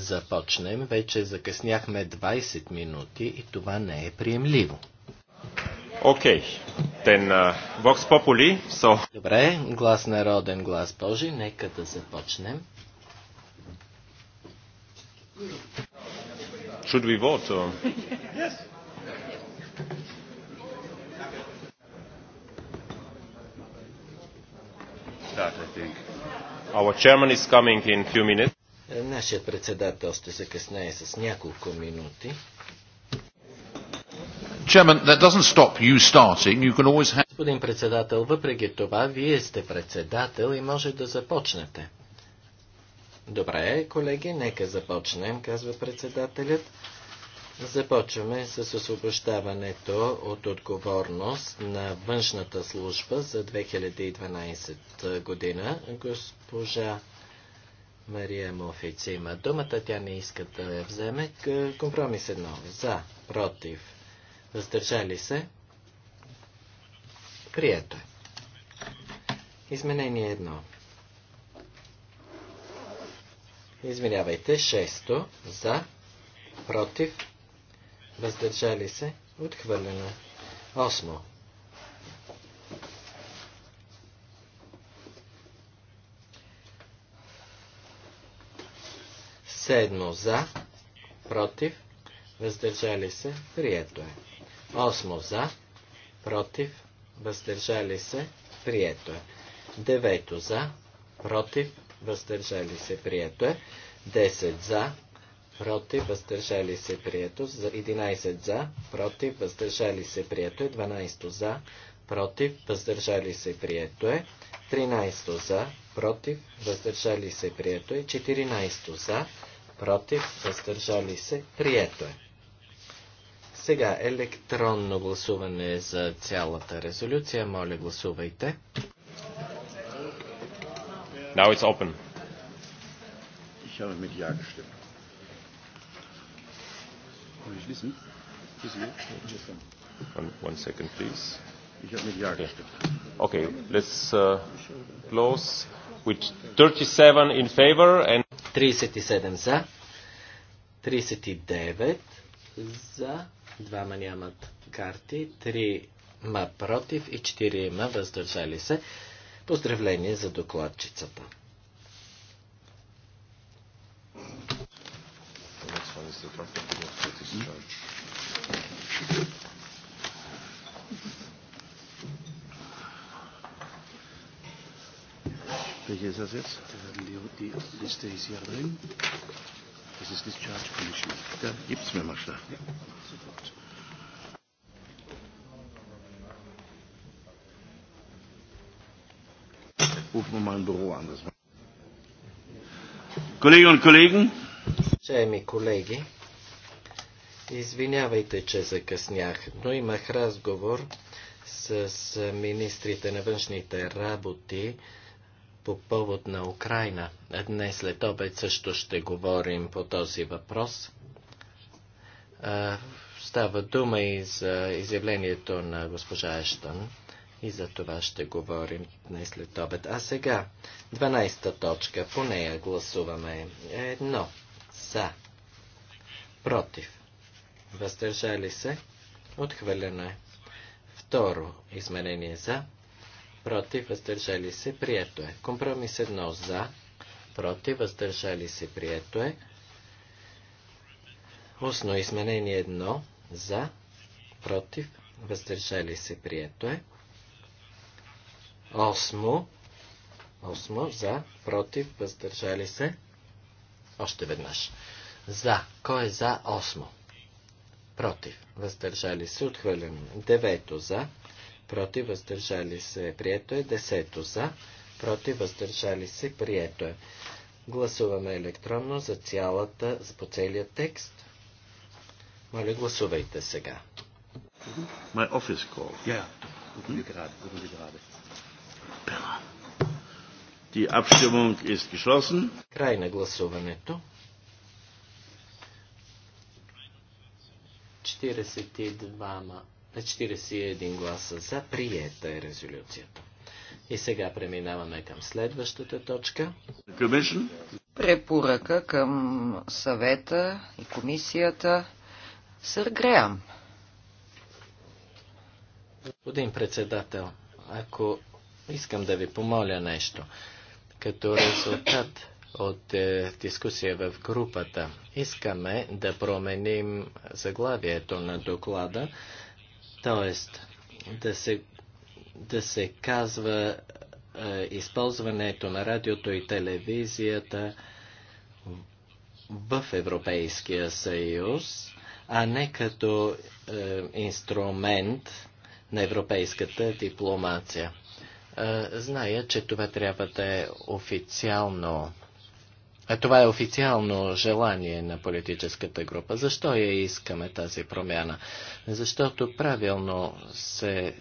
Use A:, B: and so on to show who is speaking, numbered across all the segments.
A: започнем. Вече закъсняхме 20 минути и това не е приемливо.
B: Окей. Then, uh, Vox Populi, so... Добре,
A: глас народен, глас Божи, нека да започнем.
B: Should we vote? Or... yes.
C: That, I think. Our chairman is coming in few minutes.
A: Нашият председател ще се къснее с няколко минути. Господин председател, въпреки това, вие сте председател и може да започнете. Добре, колеги, нека започнем, казва председателят. Започваме с освобождаването от отговорност на външната служба за 2012 година. Госпожа Мария Мофиц има думата, тя не иска да я вземе. Компромис едно. За, против, въздържали се. Прието е. Изменение едно. Извинявайте, шесто. За, против, въздържали се, отхвърлено. Осмо. Седмо за, против, въздържали се, прието е. Осмо за, против, въздържали се, прието е. Девето за, против, въздържали се, прието е. 10 за, против, въздържали се, прието. 11 за, против, въздържали се, прието е. 12 за, против, въздържали се, прието е. 13 за, против, въздържали се, прието е. 14 за, против, въздържали се, прието е. Сега електронно гласуване за цялата резолюция. Моля, гласувайте.
B: Now it's open. Ich habe mit Ja gestimmt. Kann ich wissen? One, one second, please. Ich habe mit Ja gestimmt. Okay, let's uh,
A: close with 37 in favor and 37 за, 39 за, двама нямат карти, 3 ма против и 4 ма въздържали се. Поздравление за докладчицата.
B: Thank you. Welche ist das jetzt? Die, die Liste ist hier drin. Das ist Discharge Commission. Da gibt es mir mal schnell. Ja, sofort. Rufen wir mal ein Büro an. Das Kolleginnen und Kollegen.
A: Уважаеми колеги, извинявайте, че закъснях, но имах разговор с министрите на външните работи по повод на Украина. Днес след обед също ще говорим по този въпрос. Става дума и за изявлението на госпожа Ештън. И за това ще говорим днес след обед. А сега, 12-та точка, по нея гласуваме едно. За. Против. Въздържали се. Отхвърлено е. Второ изменение за против, въздържали се, прието е. Компромис 1 за, против, въздържали се, прието е. Устно изменение едно. за, против, въздържали се, прието е. Осмо, осмо за, против, въздържали се, още веднъж. За, кой е за осмо? Против, въздържали се, отхвърлям. Девето за, против, въздържали се, прието е. Десето за, против, въздържали се, прието е. Гласуваме електронно за цялата, по целия текст. Моля, гласувайте сега.
B: My office call. Yeah. Die Abstimmung ist geschlossen. Край на гласуването.
A: 42 на 41 гласа за приета е резолюцията. И сега преминаваме
D: към следващата точка. Препоръка към съвета и комисията Сър Греам.
A: Господин председател, ако искам да ви помоля нещо, като резултат от е, дискусия в групата, искаме да променим заглавието на доклада Тоест, да се, да се казва е, използването на радиото и телевизията в Европейския съюз, а не като е, инструмент на европейската дипломация. Е, зная, че това трябва да е официално това е официално желание на политическата група. Защо я искаме тази промяна? Защото правилно се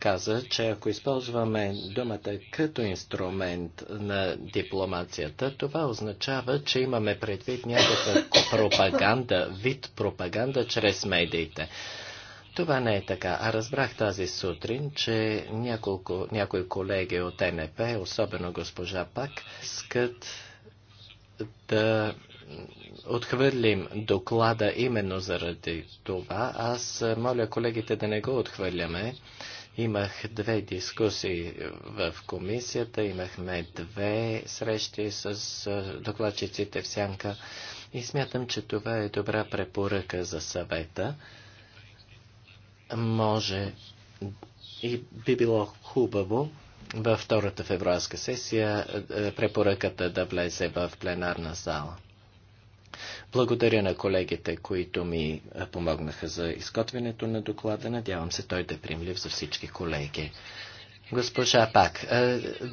A: каза, че ако използваме думата като инструмент на дипломацията, това означава, че имаме предвид някаква пропаганда, вид пропаганда чрез медиите. Това не е така. А разбрах тази сутрин, че няколко, някои колеги от НП, особено госпожа Пак, скът да отхвърлим доклада именно заради това. Аз моля колегите да не го отхвърляме. Имах две дискусии в комисията, имахме две срещи с докладчиците в Сянка и смятам, че това е добра препоръка за съвета. Може и би било хубаво във втората февруарска сесия е, е, препоръката да влезе в пленарна зала. Благодаря на колегите, които ми е, помогнаха за изготвянето на доклада. Надявам се той да е примлив за всички колеги. Госпожа Пак,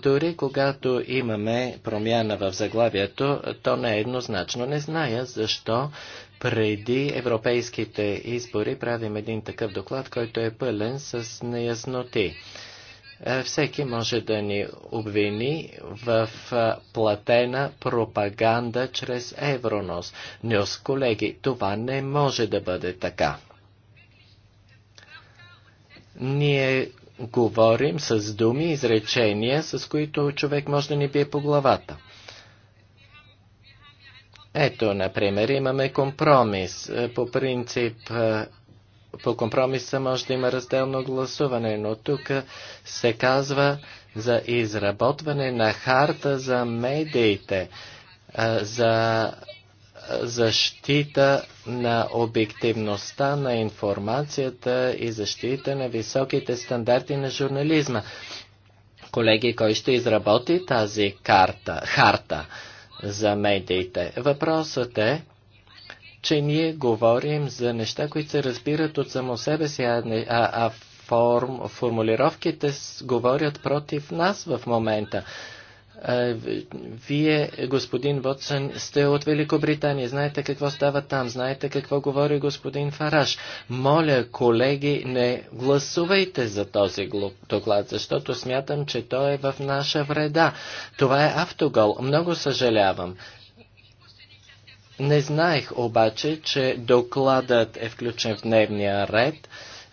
A: дори когато имаме промяна в заглавието, то не е еднозначно. Не зная защо преди европейските избори правим един такъв доклад, който е пълен с неясноти. Е, всеки може да ни обвини в е, платена пропаганда чрез Евронос. Но, колеги, това не може да бъде така. Ние говорим с думи, изречения, с които човек може да ни бие по главата. Ето, например, имаме компромис. Е, по принцип по компромиса може да има разделно гласуване, но тук се казва за изработване на харта за медиите, за защита на обективността на информацията и защита на високите стандарти на журнализма. Колеги, кой ще изработи тази карта, харта за медиите? Въпросът е, че ние говорим за неща, които се разбират от само себе си, а, а, а форм, формулировките с, говорят против нас в момента. Вие, господин Вотсън, сте от Великобритания. Знаете какво става там. Знаете какво говори господин Фараш. Моля, колеги, не гласувайте за този доклад, защото смятам, че той е в наша вреда. Това е автогол. Много съжалявам. Не знаех обаче, че докладът е включен в дневния ред.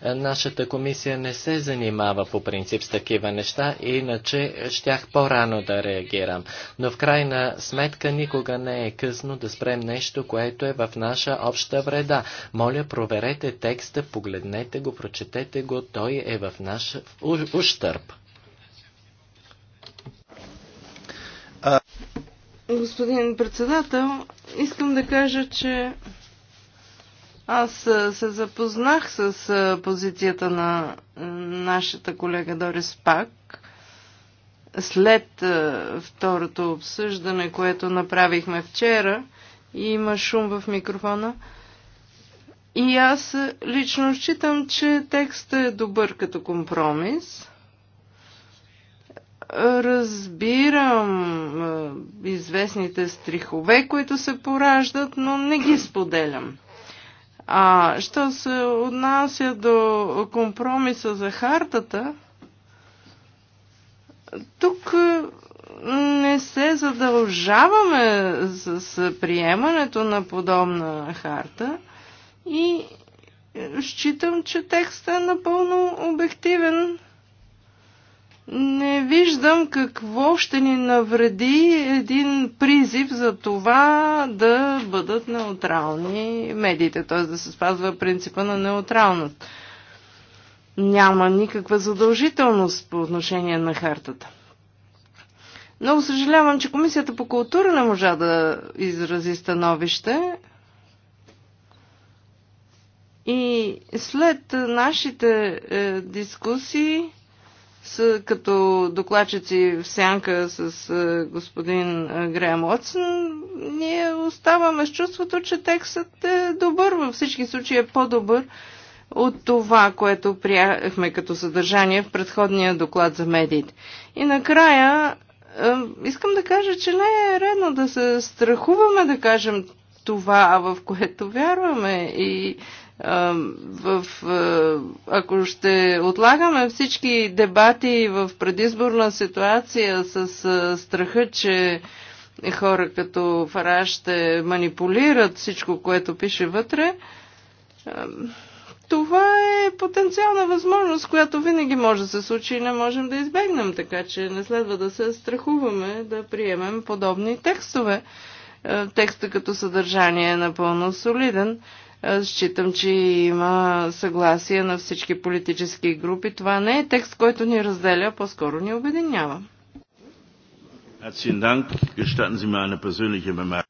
A: Нашата комисия не се занимава по принцип с такива неща, иначе щях по-рано да реагирам. Но в крайна сметка никога не е късно да спрем нещо, което е в наша обща вреда. Моля, проверете текста, погледнете го, прочетете го, той е в наш ущърп.
E: Господин председател, искам да кажа, че аз се запознах с позицията на нашата колега Дорис Пак след второто обсъждане, което направихме вчера. И има шум в микрофона. И аз лично считам, че текстът е добър като компромис разбирам известните стрихове, които се пораждат, но не ги споделям. А що се отнася до компромиса за хартата, тук не се задължаваме с приемането на подобна харта и считам, че текстът е напълно обективен не виждам какво ще ни навреди един призив за това да бъдат неутрални медиите, т.е. да се спазва принципа на неутралност. Няма никаква задължителност по отношение на хартата. Много съжалявам, че Комисията по култура не можа да изрази становище. И след нашите е, дискусии са като докладчици в сянка с а, господин Греем Отсън, ние оставаме с чувството, че текстът е добър, във всички случаи е по-добър от това, което приехме като съдържание в предходния доклад за медиите. И накрая искам да кажа, че не е редно да се страхуваме да кажем това, в което вярваме и в, ако ще отлагаме всички дебати в предизборна ситуация с страха, че хора като Фараш ще манипулират всичко, което пише вътре, това е потенциална възможност, която винаги може да се случи и не можем да избегнем, така че не следва да се страхуваме да приемем подобни текстове. Текста като съдържание е напълно солиден Считам, че има съгласие на всички политически групи. Това не е текст, който ни разделя, по-скоро ни обединява.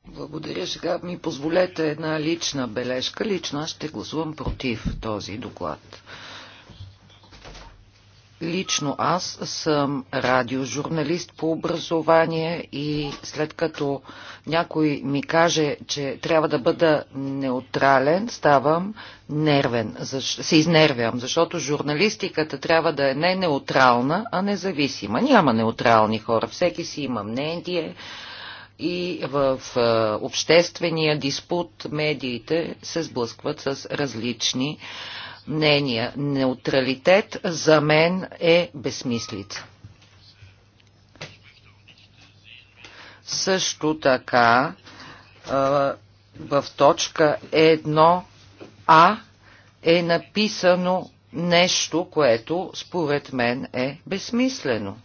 B: Благодаря.
D: Сега ми позволете една лична бележка. Лично аз ще гласувам против този доклад. Лично аз съм радиожурналист по образование и след като някой ми каже, че трябва да бъда неутрален, ставам нервен, се изнервям, защото журналистиката трябва да е не неутрална, а независима. Няма неутрални хора, всеки си има мнение и в обществения диспут медиите се сблъскват с различни мнения. Неутралитет за мен е безмислица. Също така в точка 1а е написано нещо, което според мен е безсмислено.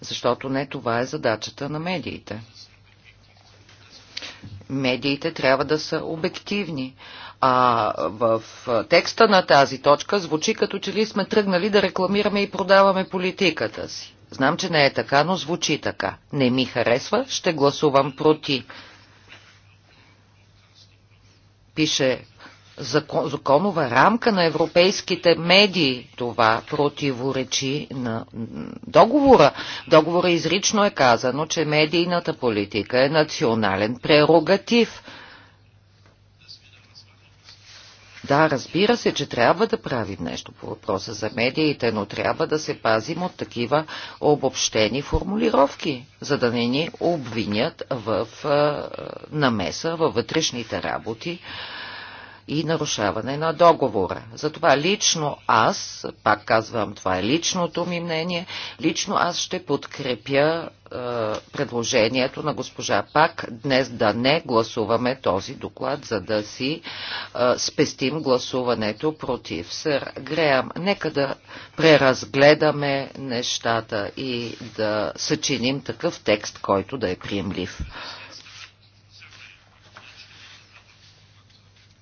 D: Защото не това е задачата на медиите. Медиите трябва да са обективни. А в текста на тази точка звучи като че ли сме тръгнали да рекламираме и продаваме политиката си. Знам, че не е така, но звучи така. Не ми харесва, ще гласувам против. Пише закон, законова рамка на европейските медии. Това противоречи на договора. Договора изрично е казано, че медийната политика е национален прерогатив – Да, разбира се, че трябва да правим нещо по въпроса за медиите, но трябва да се пазим от такива обобщени формулировки, за да не ни обвинят в намеса във вътрешните работи и нарушаване на договора. Затова лично аз, пак казвам, това е личното ми мнение, лично аз ще подкрепя е, предложението на госпожа Пак днес да не гласуваме този доклад, за да си е, спестим гласуването против. Сър Греям, нека да преразгледаме нещата и да съчиним такъв текст, който да е приемлив.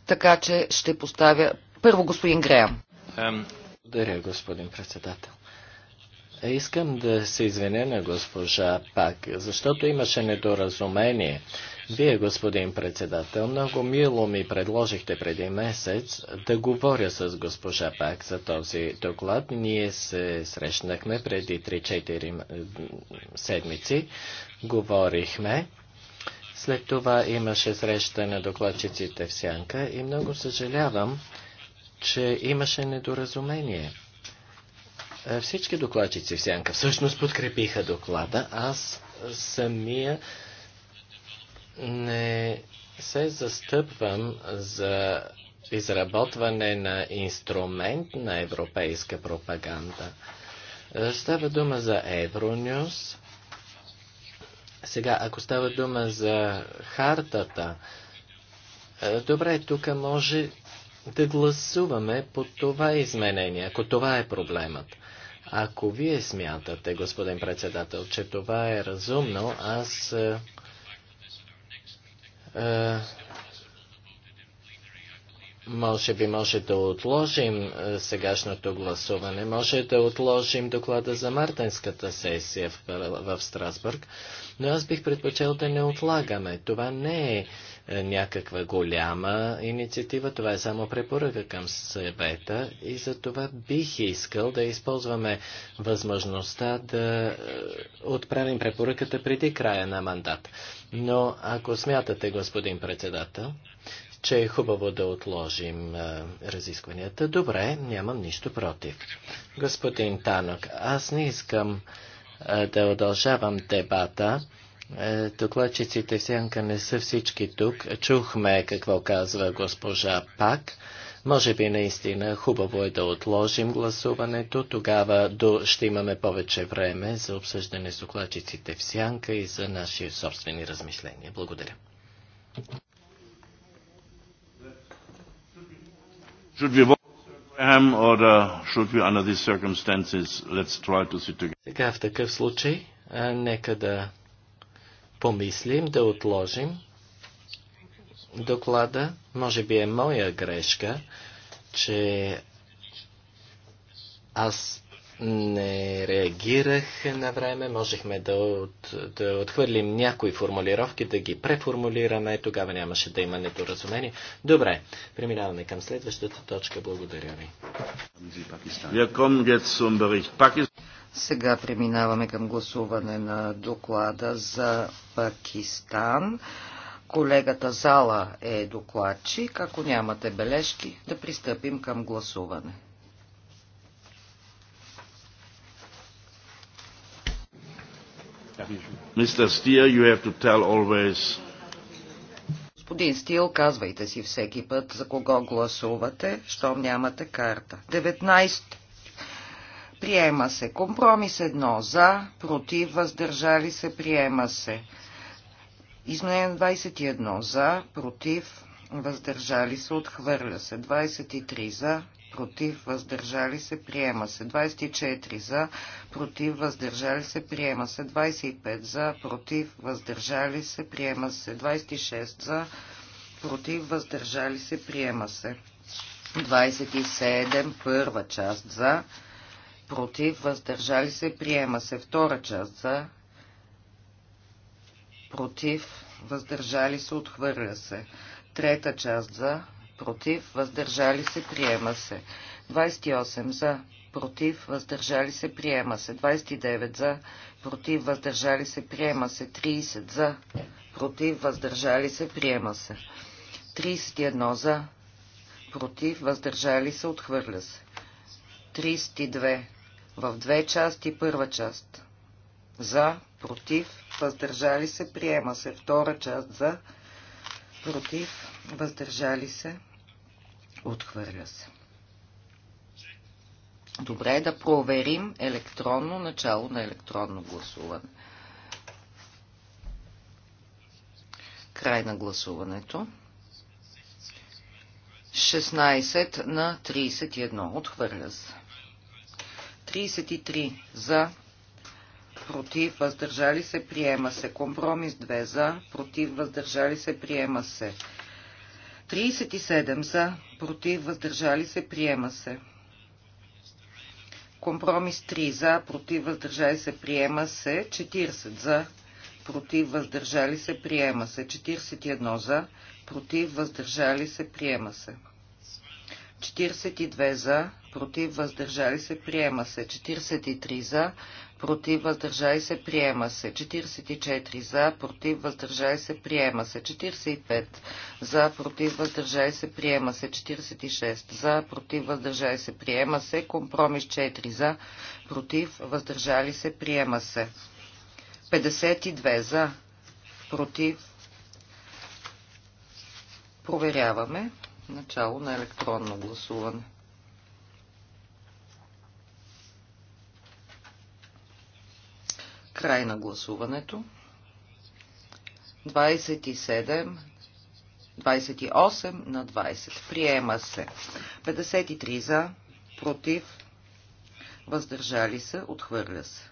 D: Така че ще поставя първо господин Греам.
A: Благодаря, господин председател. Е, искам да се извиня на госпожа Пак, защото имаше недоразумение. Вие, господин председател, много мило ми предложихте преди месец да говоря с госпожа Пак за този доклад. Ние се срещнахме преди 3-4 седмици, говорихме след това имаше среща на докладчиците в Сянка и много съжалявам, че имаше недоразумение. Е, всички докладчици в Сянка всъщност подкрепиха доклада. Аз самия не се застъпвам за изработване на инструмент на европейска пропаганда. Е, става дума за Евронюс, сега, ако става дума за хартата, е, добре, тук може да гласуваме по това изменение, ако това е проблемът. Ако вие смятате, господин председател, че това е разумно, аз е, е, може би може да отложим е, сегашното гласуване, може да отложим доклада за мартенската сесия в, в Страсбург, но аз бих предпочел да не отлагаме. Това не е, е някаква голяма инициатива, това е само препоръка към съвета и за това бих искал да използваме възможността да е, отправим препоръката преди края на мандат. Но ако смятате, господин председател, че е хубаво да отложим а, разискванията. Добре, нямам нищо против. Господин Танок, аз не искам а, да удължавам дебата. А, докладчиците в сянка не са всички тук. Чухме какво казва госпожа Пак. Може би наистина хубаво е да отложим гласуването, тогава до, ще имаме повече време за обсъждане с докладчиците в сянка и за наши собствени размишления. Благодаря.
B: Сега в
A: такъв случай, нека да помислим, да отложим доклада. Може би е моя грешка, че аз не реагирах на време, можехме да, от, да отхвърлим някои формулировки, да ги преформулираме, тогава нямаше да има недоразумение. Добре, преминаваме към следващата точка. Благодаря
B: ви. Сега преминаваме
D: към гласуване на доклада за Пакистан. Колегата Зала е докладчик. Ако нямате бележки, да пристъпим към гласуване.
B: Mr. you have to tell always.
D: Господин Стил, казвайте си всеки път за кого гласувате, щом нямате карта. 19. Приема се. Компромис 1. За, против, въздържали се. Приема се. Изменение 21. За, против, въздържали се. Отхвърля се. 23. За, против, въздържали се, приема се. 24 за, против, въздържали се, приема се. 25 за, против, въздържали се, приема се. 26 за, против, въздържали се, приема се. 27 първа част за, против, въздържали се, приема се. Втора част за, против, въздържали се, отхвърля се. Трета част за, против, въздържали се, приема се. 28 за, против, въздържали се, приема се. 29 за, против, въздържали се, приема се. 30 за, против, въздържали се, приема се. 31 за, против, въздържали се, отхвърля се. 32 в две части, първа част. За, против, въздържали се, приема се. Втора част за, против, против, въздържали се, отхвърля се. Добре е да проверим електронно начало на електронно гласуване. Край на гласуването. 16 на 31. Отхвърля се. 33 за, против, въздържали се, приема се. Компромис 2 за, против, въздържали се, приема се. 37 за, против, въздържали се, приема се. Компромис 3 за, против, въздържали се, приема се. 40 за, против, въздържали се, приема се. 41 за, против, въздържали се, приема се. 42 за, против, въздържали се, приема се. 43 за, против, въздържай се, приема се. 44 за, против, въздържай се, приема се. 45 за, против, въздържай се, приема се. 46 за, против, въздържай се, приема се. Компромис 4 за, против, въздържали се, приема се. 52 за, против. Проверяваме начало на електронно гласуване. Край на гласуването. 27, 28 на 20. Приема се. 53 за, против, въздържали се, отхвърля се.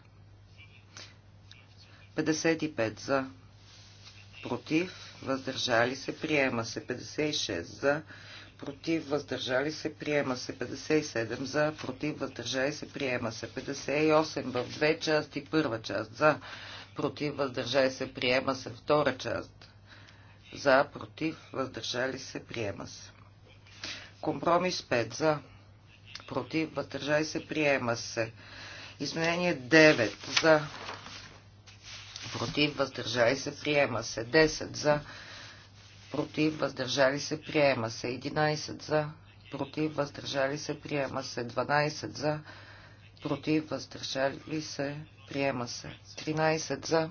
D: 55 за, против, въздържали се, приема се. 56 за, против, въздържали се, приема се 57 за, против, въздържали се, приема се 58 в две части, първа част за, против, въздържали се, приема се втора част за, против, въздържали се, приема се. Компромис 5 за, против, въздържали се, приема се. Изменение 9 за, против, въздържали се, приема се. 10 за, против, против, въздържали се, приема се. 11 за, против, въздържали се, приема се. 12 за, против, въздържали се, приема се. 13 за,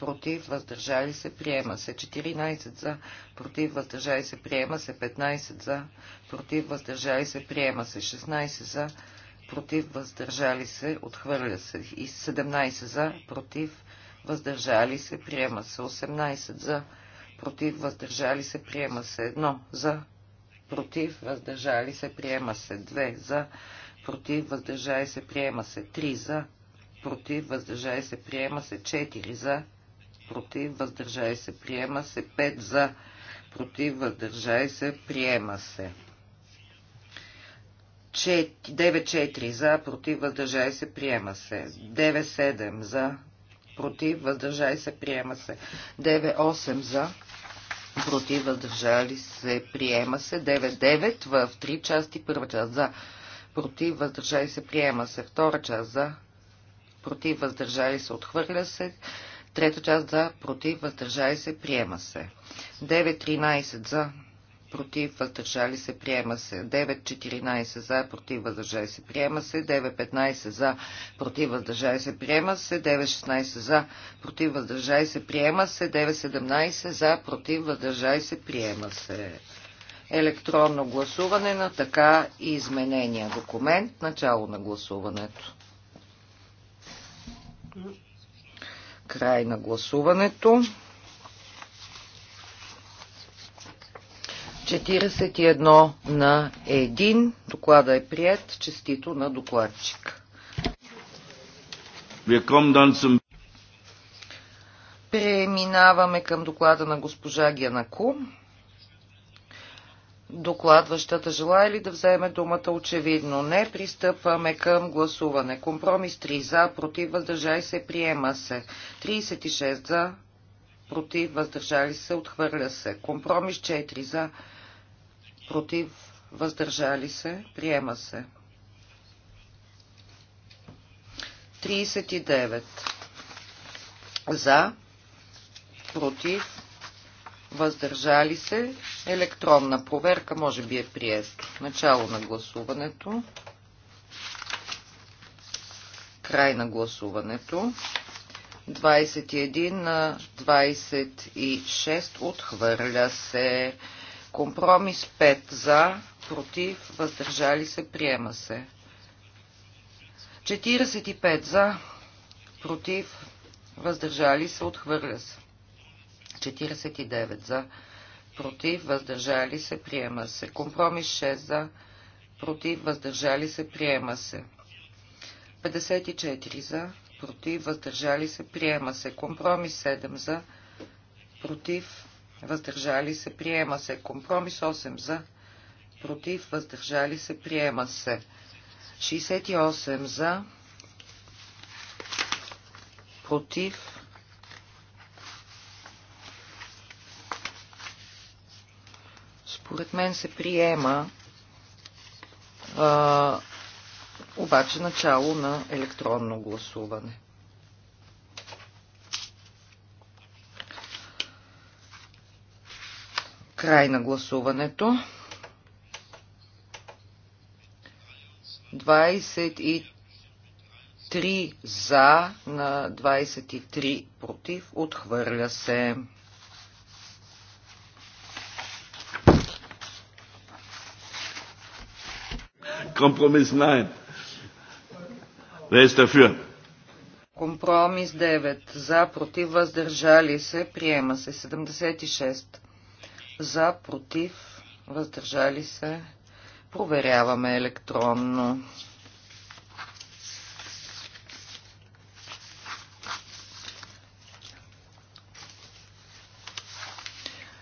D: против, въздържали се, приема се. 14 за, против, въздържали се, приема се. 15 за, против, въздържали се, приема се. 16 за, против, въздържали се, отхвърля се. И 17 за, против, въздържали се, приема се. 18 за, против, против, въздържали се, приема се. Едно за, против, въздържали се, приема се. Две за, против, въздържали се, приема се. Три за, против, въздържали се, приема се. Четири за, против, въздържали се, приема се. Пет за, против, въздържали се, приема се. 9-4 за, против, въздържай се, приема се. 9-7 за, против, въздържай се, приема се. 9-8 за, против, въздържали се, приема се. 9-9 в 3 части, първа част за, против, въздържали се, приема се. Втора част за, против, въздържали се, отхвърля се. Трета част за, против, въздържали се, приема се. 9-13 за, против, въздържали се, приема се. 9.14 за, против, въздържали се, приема се. 9.15 за, против, въздържали се, приема се. 9.16 за, против, въздържали се, приема се. 9.17 за, против, въздържали се, приема се. Електронно гласуване на така и изменения документ. Начало на гласуването. Край на гласуването. 41 на 1. Доклада е прият. Честито на докладчик. Преминаваме към доклада на госпожа Гянаку. Докладващата желая ли да вземе думата? Очевидно не. Пристъпваме към гласуване. Компромис 3 за, против, въздържали се, приема се. 36 за, против, въздържали се, отхвърля се. Компромис 4 за, против, въздържали се, приема се. 39 за, против, въздържали се, електронна проверка, може би е приест. Начало на гласуването, край на гласуването, 21 на 26 отхвърля се. Компромис 5 за, против, въздържали се, приема се. 45 за, против, въздържали се, отхвърля се. 49 за, против, въздържали се, приема се. Компромис 6 за, против, въздържали се, приема се. 54 за, против, въздържали се, приема се. Компромис 7 за, против, въздържали се, приема се. Компромис 8 за, против, въздържали се, приема се. 68 за, против, според мен се приема а, обаче начало на електронно гласуване. Край на гласуването. 23 за на 23 против. Отхвърля се.
B: Компромис 9. Wer ist dafür?
D: Компромис 9. За, против, въздържали се. Приема се 76 за, против, въздържали се. Проверяваме електронно.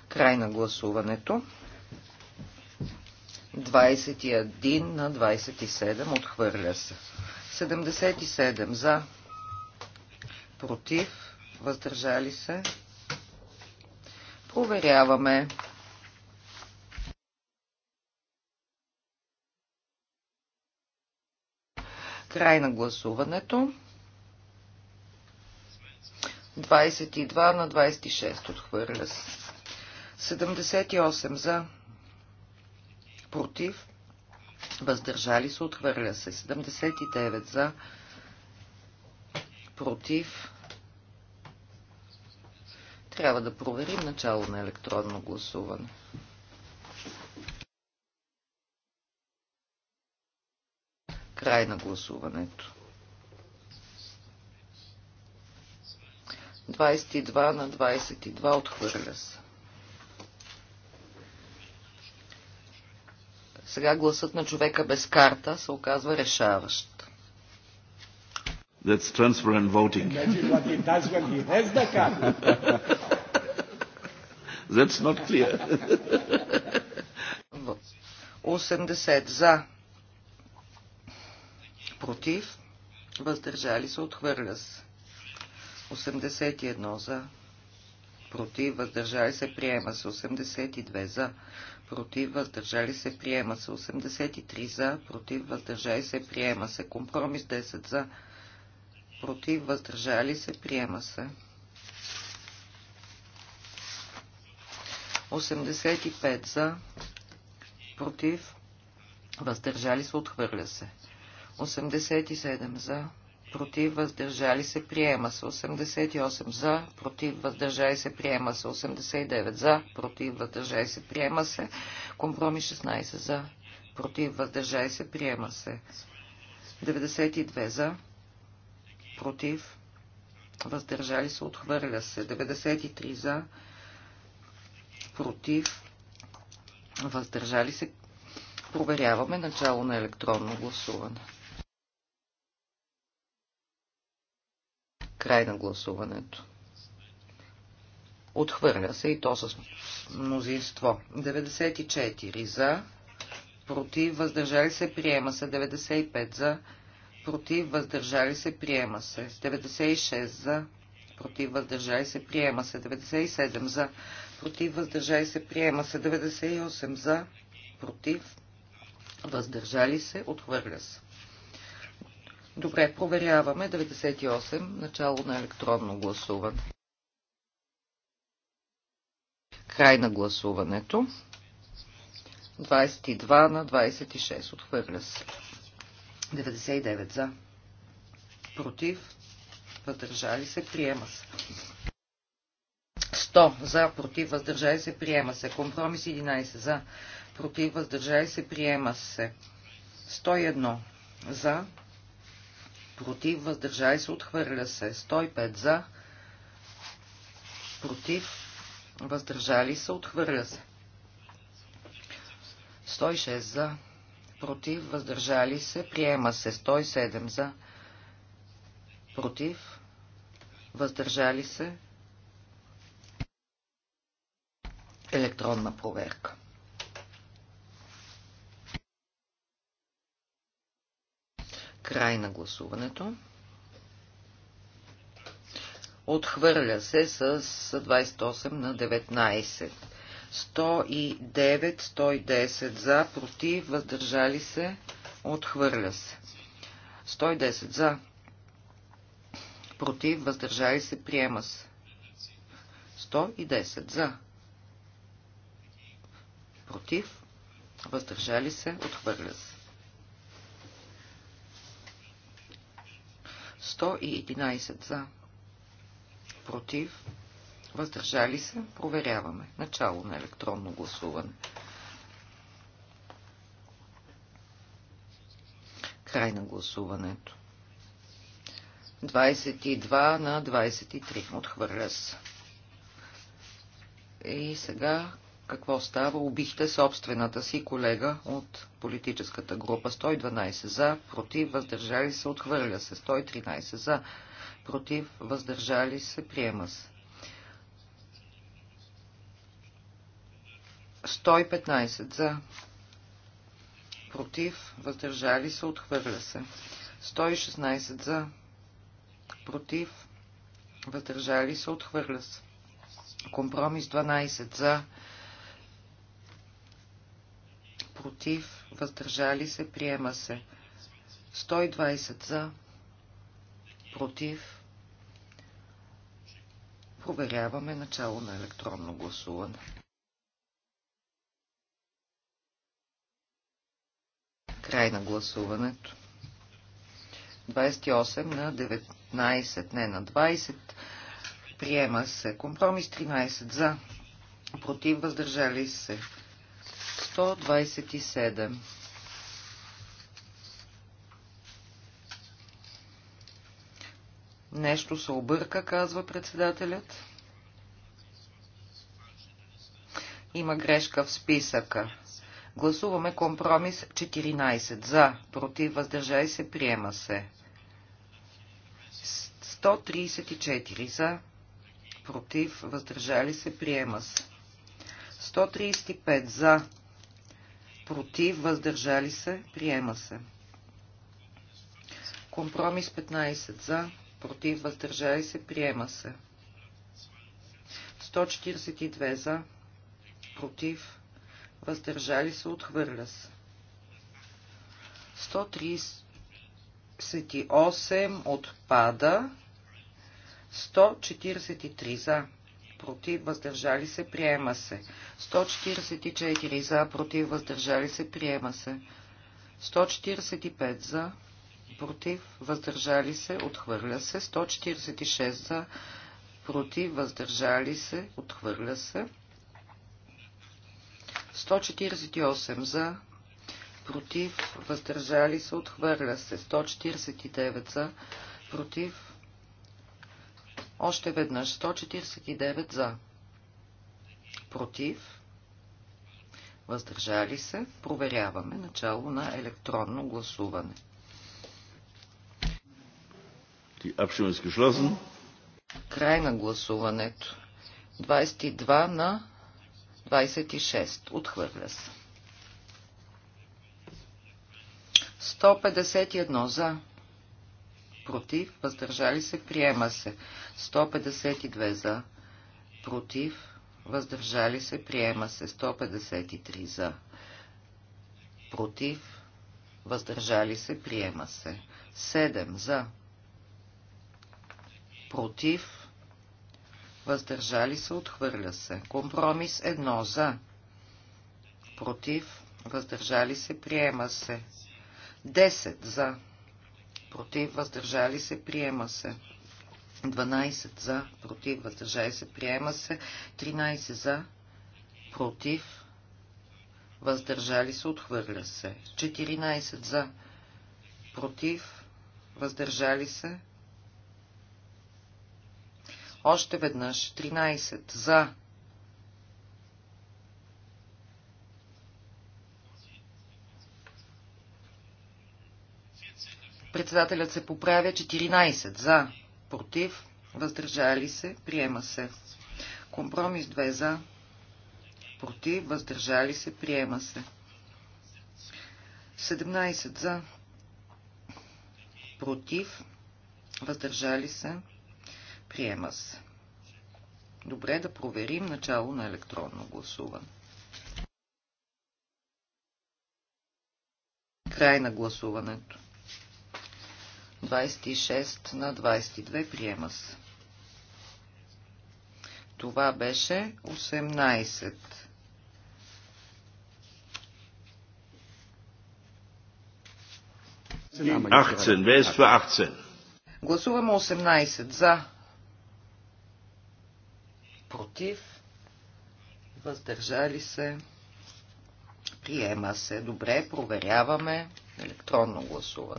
D: Край на гласуването. 21 на 27 отхвърля се. 77 за, против, въздържали се. Проверяваме. Край на гласуването. 22 на 26 отхвърля се. 78 за. Против. Въздържали се. Отхвърля се. 79 за. Против. Трябва да проверим начало на електронно гласуване. Край на гласуването. 22 на 22 отхвърля се. Сега гласът на човека без карта се оказва
B: решаващ. That's transparent voting. That's not clear.
D: 80 за, против, въздържали се, отхвърля се. 81 за, против, въздържали се, приема се. 82 за, против, въздържали се, приема се. 83 за, против, въздържали се, приема се. Компромис 10 за, против, въздържали се, приема се. 85 за, против, въздържали се, отхвърля се. 87 за, против, въздържали се, приема се 88 за, против, въздържали се, приема се 89 за, против, въздържали се, приема се, компромис 16 за, против, въздържали се, приема се 92 за, против, въздържали се, отхвърля се 93 за, против, въздържали се, проверяваме начало на електронно гласуване. Край на гласуването. Отхвърля се и то с мнозинство. 94 за, против, въздържали се, приема се. 95 за, против, въздържали се, приема се. 96 за, против, въздържали се, приема се. 97 за, против, въздържали се, приема се. 98 за, против, въздържали се, отхвърля се. Добре, проверяваме 98, начало на електронно гласуване. Край на гласуването. 22 на 26 отхвърля се. 99 за. Против. Въздържали се. Приема се. 100 за. Против. Въздържали се. Приема се. Компромис 11 за. Против. Въздържали се. Приема се. 101 за против, въздържай се, отхвърля се. 105 за, против, въздържали се, отхвърля се. 106 за, против, въздържали се, приема се. 107 за, против, въздържали се. Електронна проверка. Край на гласуването. Отхвърля се с 28 на 19. 109, 110 за, против, въздържали се, отхвърля се. 110 за, против, въздържали се, приема се. 110 за, против, въздържали се, отхвърля се. 111 за. Против. Въздържали се. Проверяваме. Начало на електронно гласуване. Край на гласуването. 22 на 23. Отхвърля се. И сега какво става. Убихте собствената си колега от политическата група. 112 за, против, въздържали се, отхвърля се. 113 за, против, въздържали се, приема се. 115 за, против, въздържали се, отхвърля се. 116 за, против, въздържали се, отхвърля се. Компромис 12 за, против, въздържали се, приема се. 120 за, против. Проверяваме начало на електронно гласуване. Край на гласуването. 28 на 19, не на 20. Приема се. Компромис 13 за. Против въздържали се. 127. Нещо се обърка, казва председателят. Има грешка в списъка. Гласуваме компромис 14. За, против, въздържай се, приема се. 134 за, против, въздържали се, приема се. 135 за, против, въздържали се, приема се. Компромис 15 за, против, въздържали се, приема се. 142 за, против, въздържали се, отхвърля се. 138 отпада, 143 за, против, въздържали се, приема се. 144 за, против, въздържали се, приема се. 145 за, против, въздържали се, отхвърля се. 146 за, против, въздържали се, отхвърля се. 148 за, против, въздържали се, отхвърля се. 149 за, против, още веднъж 149 за. Против. Въздържали се. Проверяваме начало на електронно гласуване. Ти Край на гласуването. 22 на 26. Отхвърля се. 151 за против, въздържали се, приема се. 152 за, против, въздържали се, приема се. 153 за, против, въздържали се, приема се. 7 за, против, въздържали се, отхвърля се. Компромис 1 за, против, въздържали се, приема се. 10 за, против, въздържали се, приема се. 12 за, против, въздържали се, приема се. 13 за, против, въздържали се, отхвърля се. 14 за, против, въздържали се. Още веднъж 13 за, Председателят се поправя 14 за, против, въздържали се, приема се. Компромис 2 за, против, въздържали се, приема се. 17 за, против, въздържали се, приема се. Добре да проверим начало на електронно гласуване. Край на гласуването. 26 на 22 приема се. Това беше 18. Гласуваме 18 за, против, въздържали се, приема се. Добре, проверяваме електронно гласуване.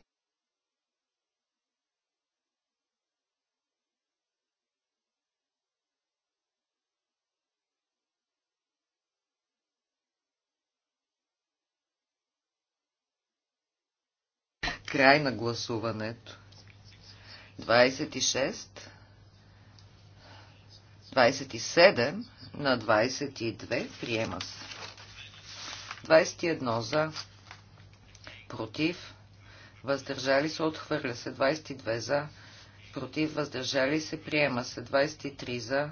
D: Край на гласуването. 26. 27 на 22 приема се. 21 за, против, въздържали се, отхвърля се, 22 за, против, въздържали се, приема се, 23 за,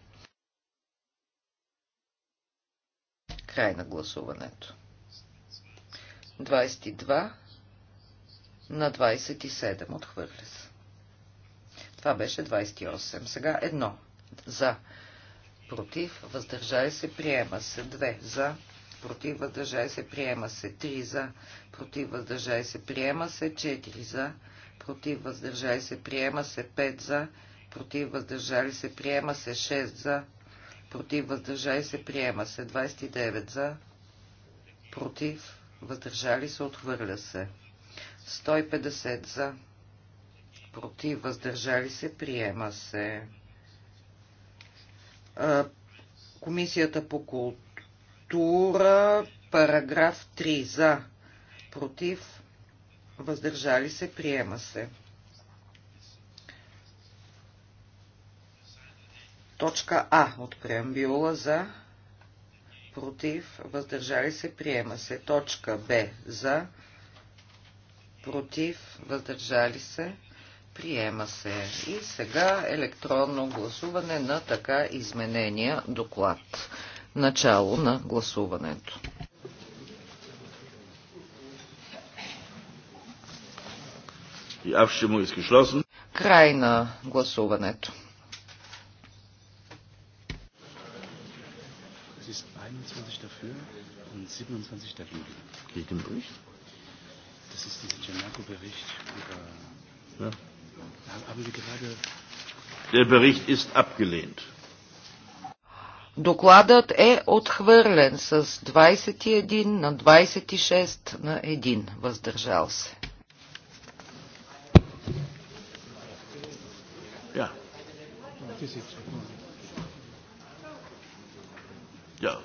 D: Край на гласуването. 22 на 27 отхвърля се. Това беше 28. Сега едно. За. Против. въздържай се. Приема се. 2. За. Против. въздържай се. Приема се. 3. За. Против. въздържай се. Приема се. 4. За. Против. въздържай се. Приема се. 5. За. Против. Въздържали се. Приема се. 6. За против, въздържали се, приема се. 29 за, против, въздържали се, отхвърля се. 150 за, против, въздържали се, приема се. Комисията по култура, параграф 3 за, против, въздържали се, приема се. Точка А от преамбюла за, против, въздържали се, приема се. Точка Б за, против, въздържали се, приема се. И сега електронно гласуване на така изменения доклад. Начало на гласуването. Край на гласуването.
B: 21 dafür und 27 dagegen. Geht dem Bericht? Das ist dieser Giannaco-Bericht Ja. Haben Sie gerade. Der Bericht ist abgelehnt.
D: Докладът е отхвърлен с 21 на 26 на 1. Въздържал се.
B: Ja. Ja,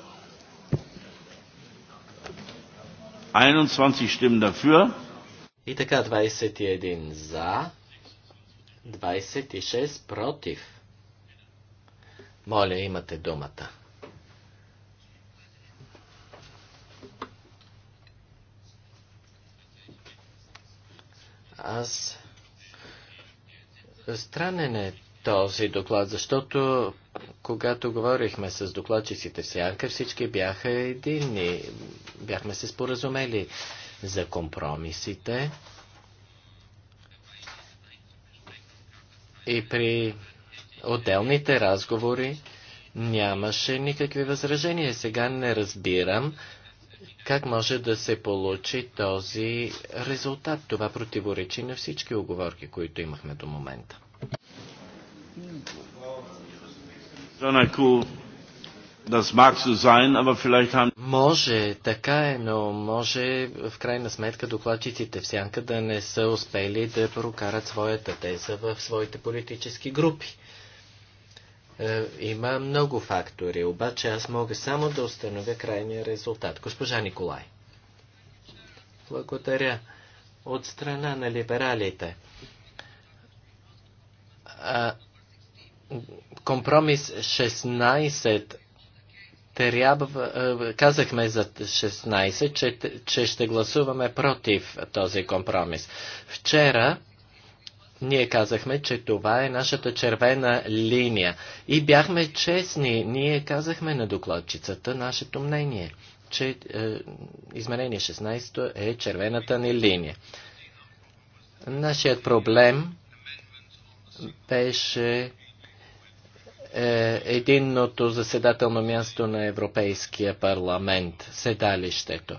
B: 21 Stimmen dafür.
A: И така 21 за, 26 против. Моля, имате думата. Аз странен е този доклад, защото когато говорихме с докладчиците в Сянка, всички бяха единни. Бяхме се споразумели за компромисите. И при отделните разговори нямаше никакви възражения. Сега не разбирам как може да се получи този резултат. Това противоречи на всички оговорки, които имахме до момента.
B: Може, така е, но може в крайна
A: сметка докладчиците в сянка да не са успели да прокарат своята теза в своите политически групи. Е, има много фактори, обаче аз мога само да установя крайния резултат. Госпожа Николай. Благодаря. От страна на либералите. А, компромис 16 трябва, е, казахме за 16, че, че ще гласуваме против този компромис. Вчера ние казахме, че това е нашата червена линия. И бяхме честни. Ние казахме на докладчицата нашето мнение, че е, изменение 16 е червената ни линия. Нашият проблем беше е, единното заседателно място на Европейския парламент, седалището.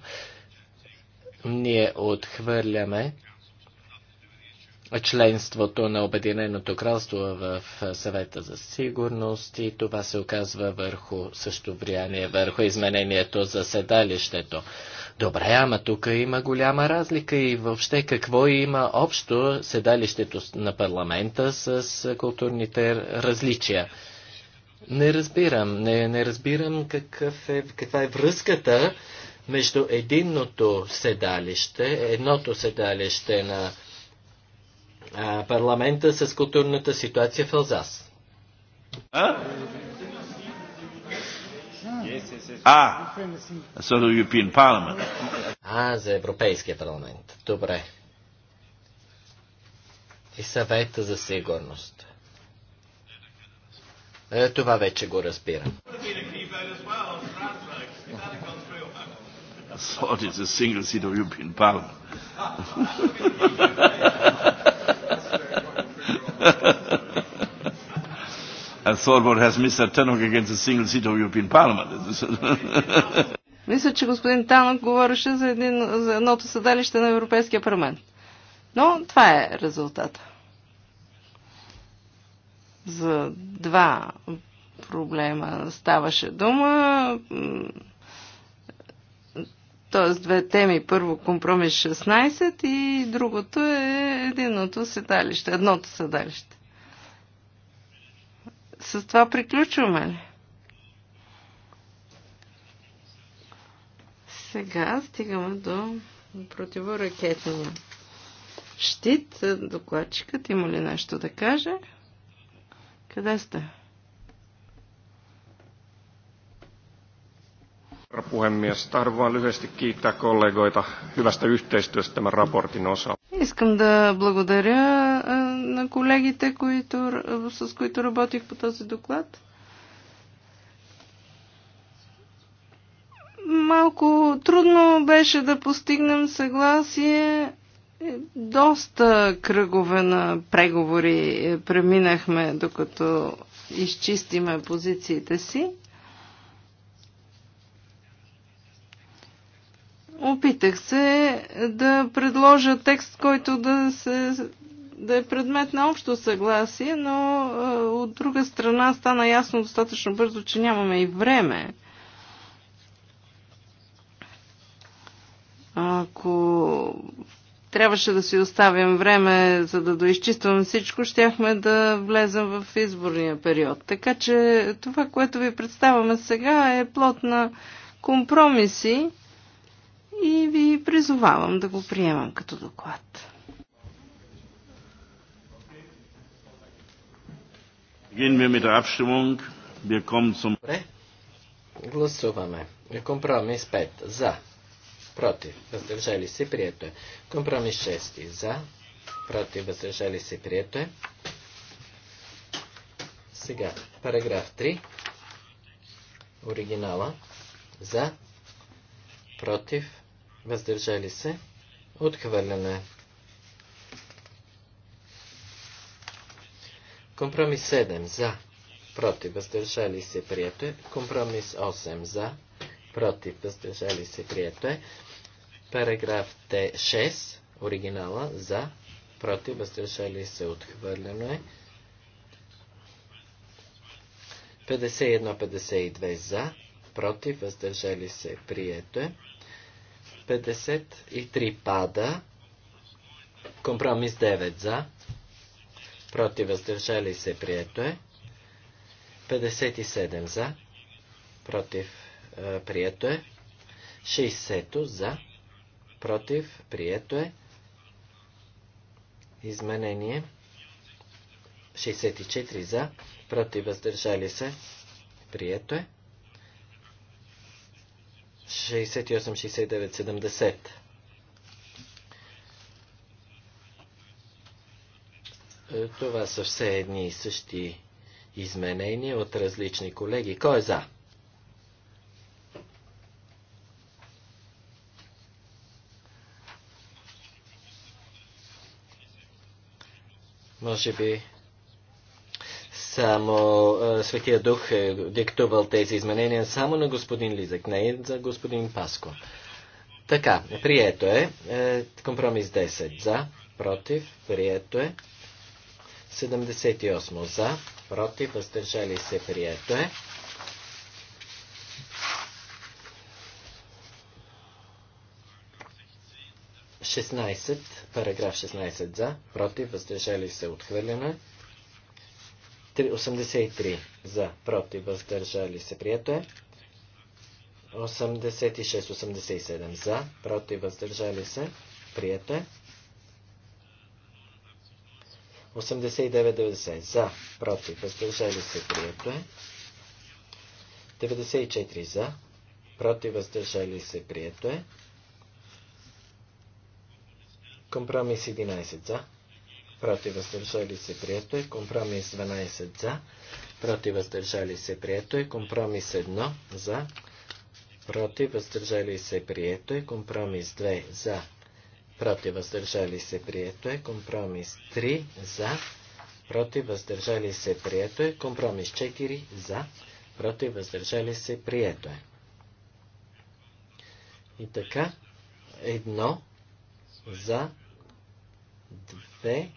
A: Ние отхвърляме членството на Обединеното кралство в съвета за сигурност и това се оказва върху също влияние върху изменението за седалището. Добре, ама тук има голяма разлика и въобще какво има общо седалището на парламента с културните различия. Не разбирам. Не, не разбирам какъв е, каква е връзката между единното седалище, едното седалище на а, парламента с културната ситуация в Алзас.
B: А? А, а,
A: за Европейския парламент. Добре. И съвета за сигурност. Е, това вече го разбирам.
B: I thought what has Mr. against a single seat of European Parliament?
E: Мисля, че господин Танок говореше за, един, за едното съдалище на Европейския парламент. Но това е резултата за два проблема ставаше дума. Т.е. две теми. Първо компромис 16 и другото е единото седалище, едното седалище. С това приключваме ли? Сега стигаме до противоракетния щит. Докладчикът има ли нещо да каже? Къде сте?
A: herra puhemies. lyhyesti kiittää kollegoita hyvästä
B: yhteistyöstä tämän raportin osalta.
E: Искам да благодаря на колегите, които, с които работих по този доклад. Малко трудно беше да постигнем съгласие е, доста кръгове на преговори е, преминахме, докато изчистиме позициите си. Опитах се да предложа текст, който да, се, да е предмет на общо съгласие, но е, от друга страна стана ясно достатъчно бързо, че нямаме и време. Ако трябваше да си оставим време, за да доизчиствам всичко, щяхме да влезем в изборния период. Така че това, което ви представяме сега е плод на компромиси и ви призовавам да го приемам като доклад.
B: Гласуваме.
A: Компромис 5. За против, въздържали се, прието е. Компромис 6 за, против, въздържали се, прието е. Сега, параграф 3, оригинала, за, против, въздържали се, отхвърляне. Компромис 7 за, против, въздържали се, прието е. Компромис 8 за, против, въздържали се, прието е. Параграф Т6, оригинала, за, против, въздържали се, отхвърлено е. 51-52 за, против, въздържали се, прието е. 53 пада, компромис 9 за, против, въздържали се, прието е. 57 за, против, е, прието е. 60 за, против, прието е. Изменение 64 за, против, въздържали се, прието е. 68, 69, 70. Това са все едни и същи изменения от различни колеги. Кой е за? Може би само е, Светия Дух е диктувал тези изменения само на господин Лизък, не и за господин Паско. Така, прието е. е компромис 10 за, против, прието е. 78 за, против, въздържали се, прието е. 16, параграф 16 за, против, въздържали се, отхвърлено 83 за, против, въздържали се, прието е. 86-87 за, против, въздържали се, прието е. 89-90 за, против, въздържали се, прието е. 94 за, против, въздържали се, прието е. Компромис 11 за. Против въздържали се прието е. Компромис 12 за. Против въздържали се прието е. Компромис 1 за. Против въздържали се прието е. Компромис 2 за. Против въздържали се прието е. Компромис 3 за. Против въздържали се прието е. Компромис 4 за. Против въздържали се прието е. И така, едно за, две,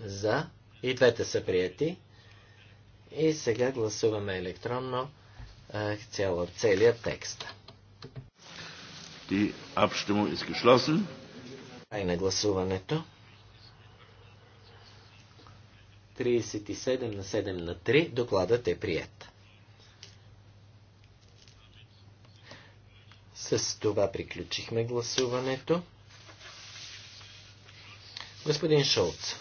A: за, и двете са прияти. И сега гласуваме електронно цяло, целия текст.
B: Die Abstimmung ist Ай на гласуването.
A: 37 на 7 на 3. Докладът е прият. С това приключихме гласуването. Господин Шолц,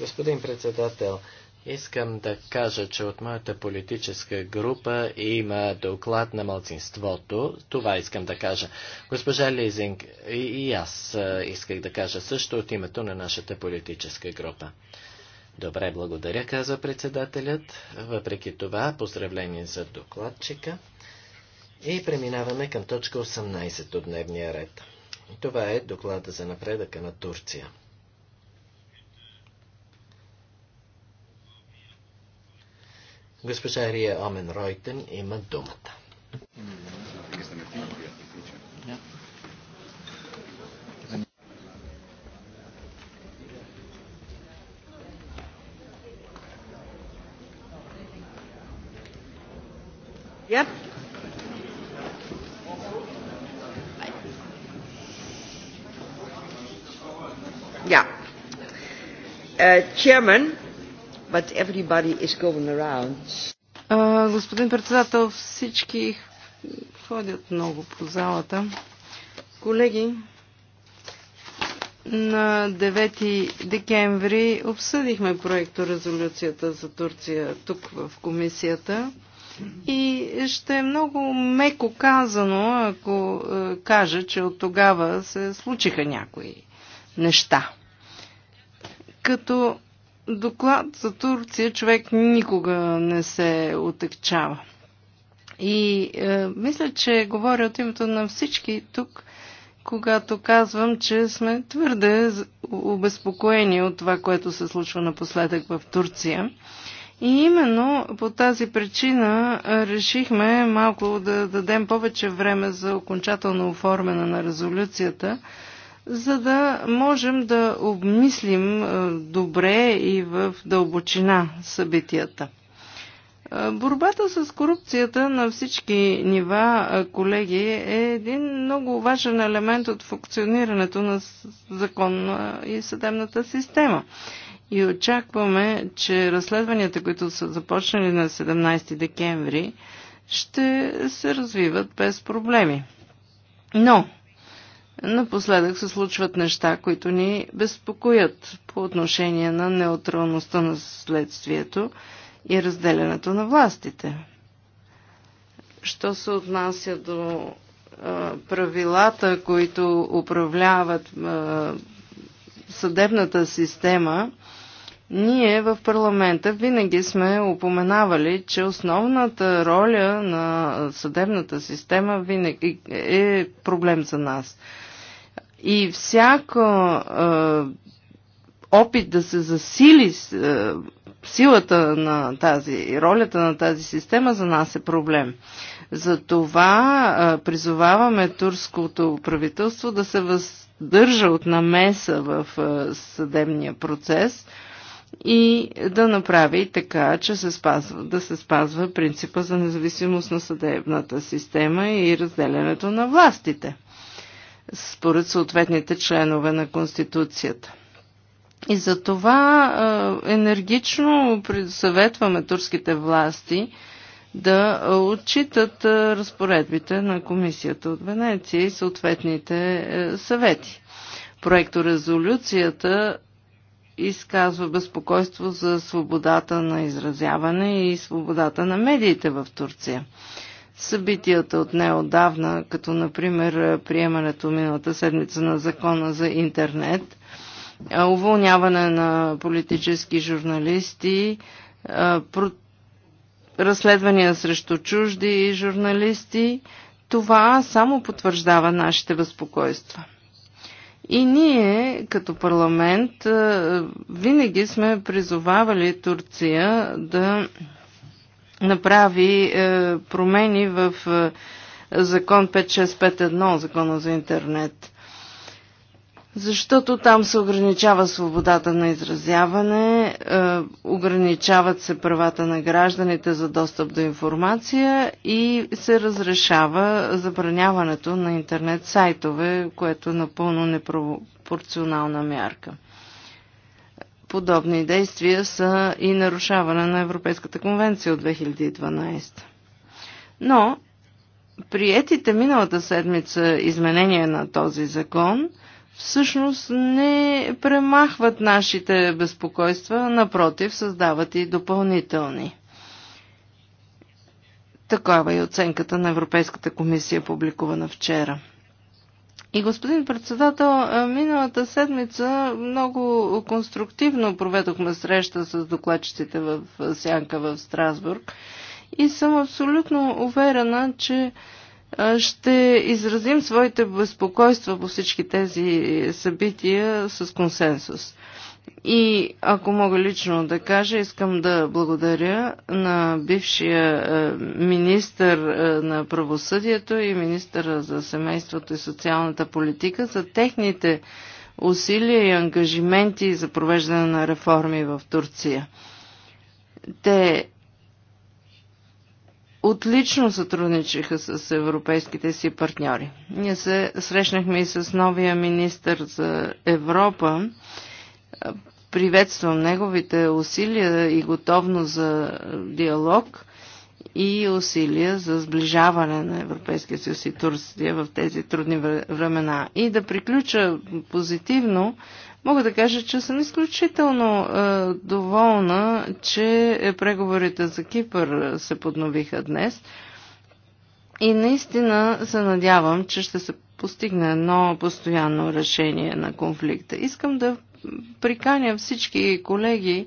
A: господин председател, искам да кажа, че от моята политическа група има доклад на мълцинството. Това искам да кажа. Госпожа Лизинг, и, и аз исках да кажа също от името на нашата политическа група. Добре, благодаря, казва председателят. Въпреки това, поздравление за докладчика. И преминаваме към точка 18 от дневния ред. Това е доклада за напредъка на Турция. Госпожа Рия Омен Ройтен има
B: думата.
D: Yep.
E: Uh, господин председател, всички ходят много по залата. Колеги, на 9 декември обсъдихме проекто резолюцията за Турция тук в комисията и ще е много меко казано, ако е, кажа, че от тогава се случиха някои неща. Като доклад за Турция човек никога не се отекчава. И е, мисля, че говоря от името на всички тук, когато казвам, че сме твърде обезпокоени от това, което се случва напоследък в Турция. И именно по тази причина е, решихме малко да дадем повече време за окончателно оформяне на резолюцията, за да можем да обмислим е, добре и в дълбочина събитията. Е, борбата с корупцията на всички нива, е, колеги, е един много важен елемент от функционирането на законна и съдебната система. И очакваме, че разследванията, които са започнали на 17 декември, ще се развиват без проблеми. Но Напоследък се случват неща, които ни безпокоят по отношение на неутралността на следствието и разделянето на властите. Що се отнася до а, правилата, които управляват а, съдебната система, ние в парламента винаги сме упоменавали, че основната роля на съдебната система винаги е проблем за нас. И всяко е, опит да се засили е, силата на тази и ролята на тази система за нас е проблем. Затова е, призоваваме турското правителство да се въздържа от намеса в е, съдебния процес и да направи така, че се спазва, да се спазва принципа за независимост на съдебната система и разделянето на властите според съответните членове на Конституцията. И за това енергично предсъветваме турските власти да отчитат разпоредбите на комисията от Венеция и съответните съвети. Проекто резолюцията изказва безпокойство за свободата на изразяване и свободата на медиите в Турция събитията от неодавна, като например приемането миналата седмица на закона за интернет, уволняване на политически журналисти, разследвания срещу чужди журналисти, това само потвърждава нашите безпокойства. И ние, като парламент, винаги сме призовавали Турция да направи е, промени в е, закон 5651, закона за интернет. Защото там се ограничава свободата на изразяване, е, ограничават се правата на гражданите за достъп до информация и се разрешава забраняването на интернет сайтове, което е напълно непропорционална мярка подобни действия са и нарушаване на Европейската конвенция от 2012. Но приетите миналата седмица изменения на този закон всъщност не премахват нашите безпокойства, напротив, създават и допълнителни. Такава е оценката на Европейската комисия, публикувана вчера. И господин председател, миналата седмица много конструктивно проведохме среща с докладчиците в Сянка в Страсбург и съм абсолютно уверена, че ще изразим своите безпокойства по всички тези събития с консенсус. И ако мога лично да кажа, искам да благодаря на бившия е, министър е, на правосъдието и министъра за семейството и социалната политика за техните усилия и ангажименти за провеждане на реформи в Турция. Те отлично сътрудничиха с европейските си партньори. Ние се срещнахме и с новия министър за Европа Приветствам неговите усилия и готовност за диалог и усилия за сближаване на Европейския съюз и Турция в тези трудни времена. И да приключа позитивно, мога да кажа, че съм изключително е, доволна, че преговорите за Кипър се подновиха днес. И наистина се надявам, че ще се постигне едно постоянно решение на конфликта. Искам да приканя всички колеги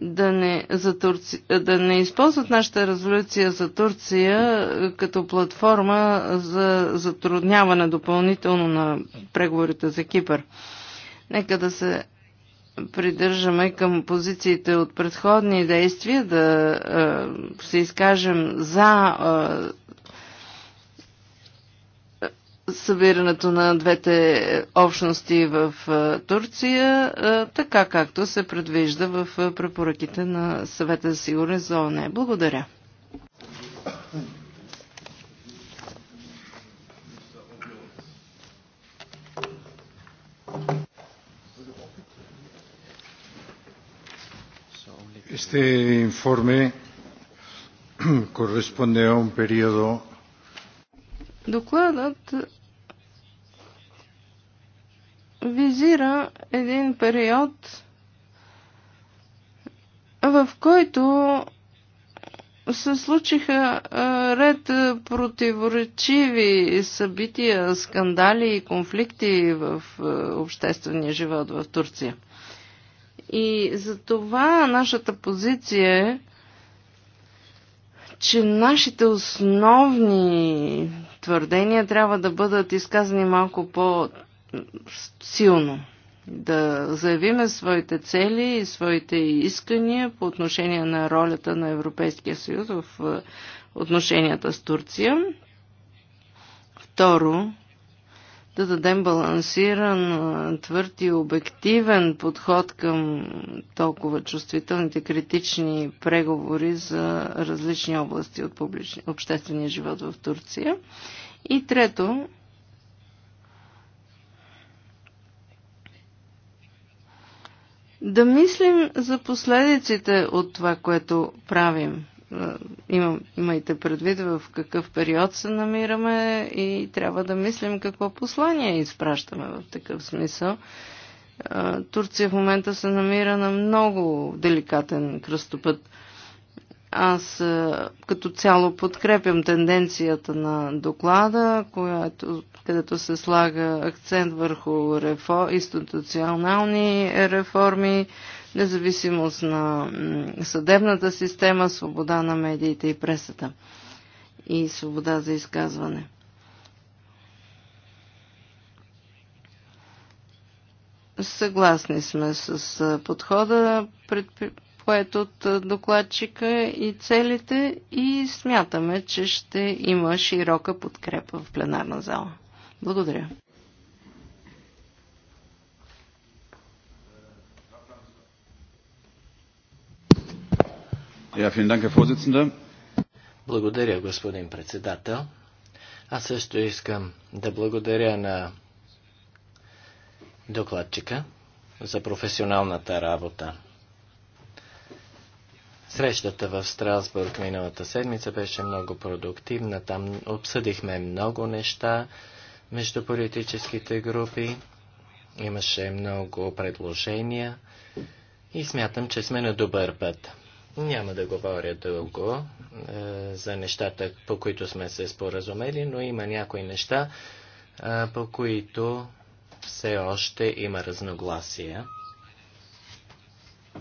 E: да не, за Турци, да не използват нашата резолюция за Турция е, като платформа за затрудняване допълнително на преговорите за Кипър. Нека да се придържаме към позициите от предходни действия, да е, се изкажем за е, събирането на двете общности в Турция, така както се предвижда в препоръките на съвета за сигурност за ОНЕ. Благодаря.
B: Este informe corresponde a un periodo
E: Докладът визира един период, в който се случиха ред противоречиви събития, скандали и конфликти в обществения живот в Турция. И за това нашата позиция е, че нашите основни твърдения трябва да бъдат изказани малко по силно. Да заявиме своите цели и своите искания по отношение на ролята на Европейския съюз в отношенията с Турция. Второ, да дадем балансиран, твърд и обективен подход към толкова чувствителните критични преговори за различни области от публични, обществения живот в Турция. И трето, да мислим за последиците от това, което правим. Е, имам, имайте предвид в какъв период се намираме и трябва да мислим какво послание изпращаме в такъв смисъл. Е, Турция в момента се намира на много деликатен кръстопът. Аз е, като цяло подкрепям тенденцията на доклада, която, където се слага акцент върху рефо, институционални реформи, независимост на съдебната система, свобода на медиите и пресата и свобода за изказване. Съгласни сме с е, подхода, пред поет от докладчика и целите и смятаме, че ще има широка подкрепа в пленарна зала. Благодаря.
B: Благодаря, господин
A: председател. Аз също искам да благодаря на докладчика за професионалната работа. Срещата в Страсбург миналата седмица беше много продуктивна. Там обсъдихме много неща между политическите групи. Имаше много предложения и смятам, че сме на добър път. Няма да говоря дълго е, за нещата, по които сме се споразумели, но има някои неща, е, по които все още има разногласия.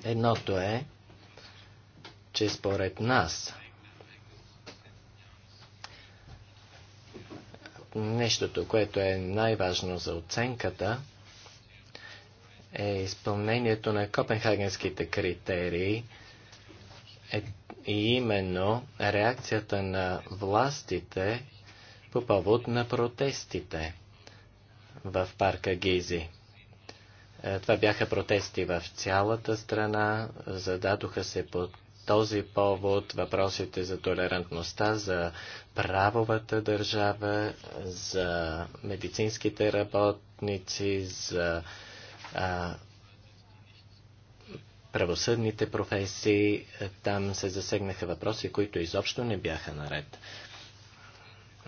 A: Едното е, че според нас нещото, което е най-важно за оценката, е изпълнението на копенхагенските критерии е, и именно реакцията на властите по повод на протестите в парка Гизи. Е, това бяха протести в цялата страна, зададоха се под този повод въпросите за толерантността, за правовата държава, за медицинските работници, за а, правосъдните професии, там се засегнаха въпроси, които изобщо не бяха наред.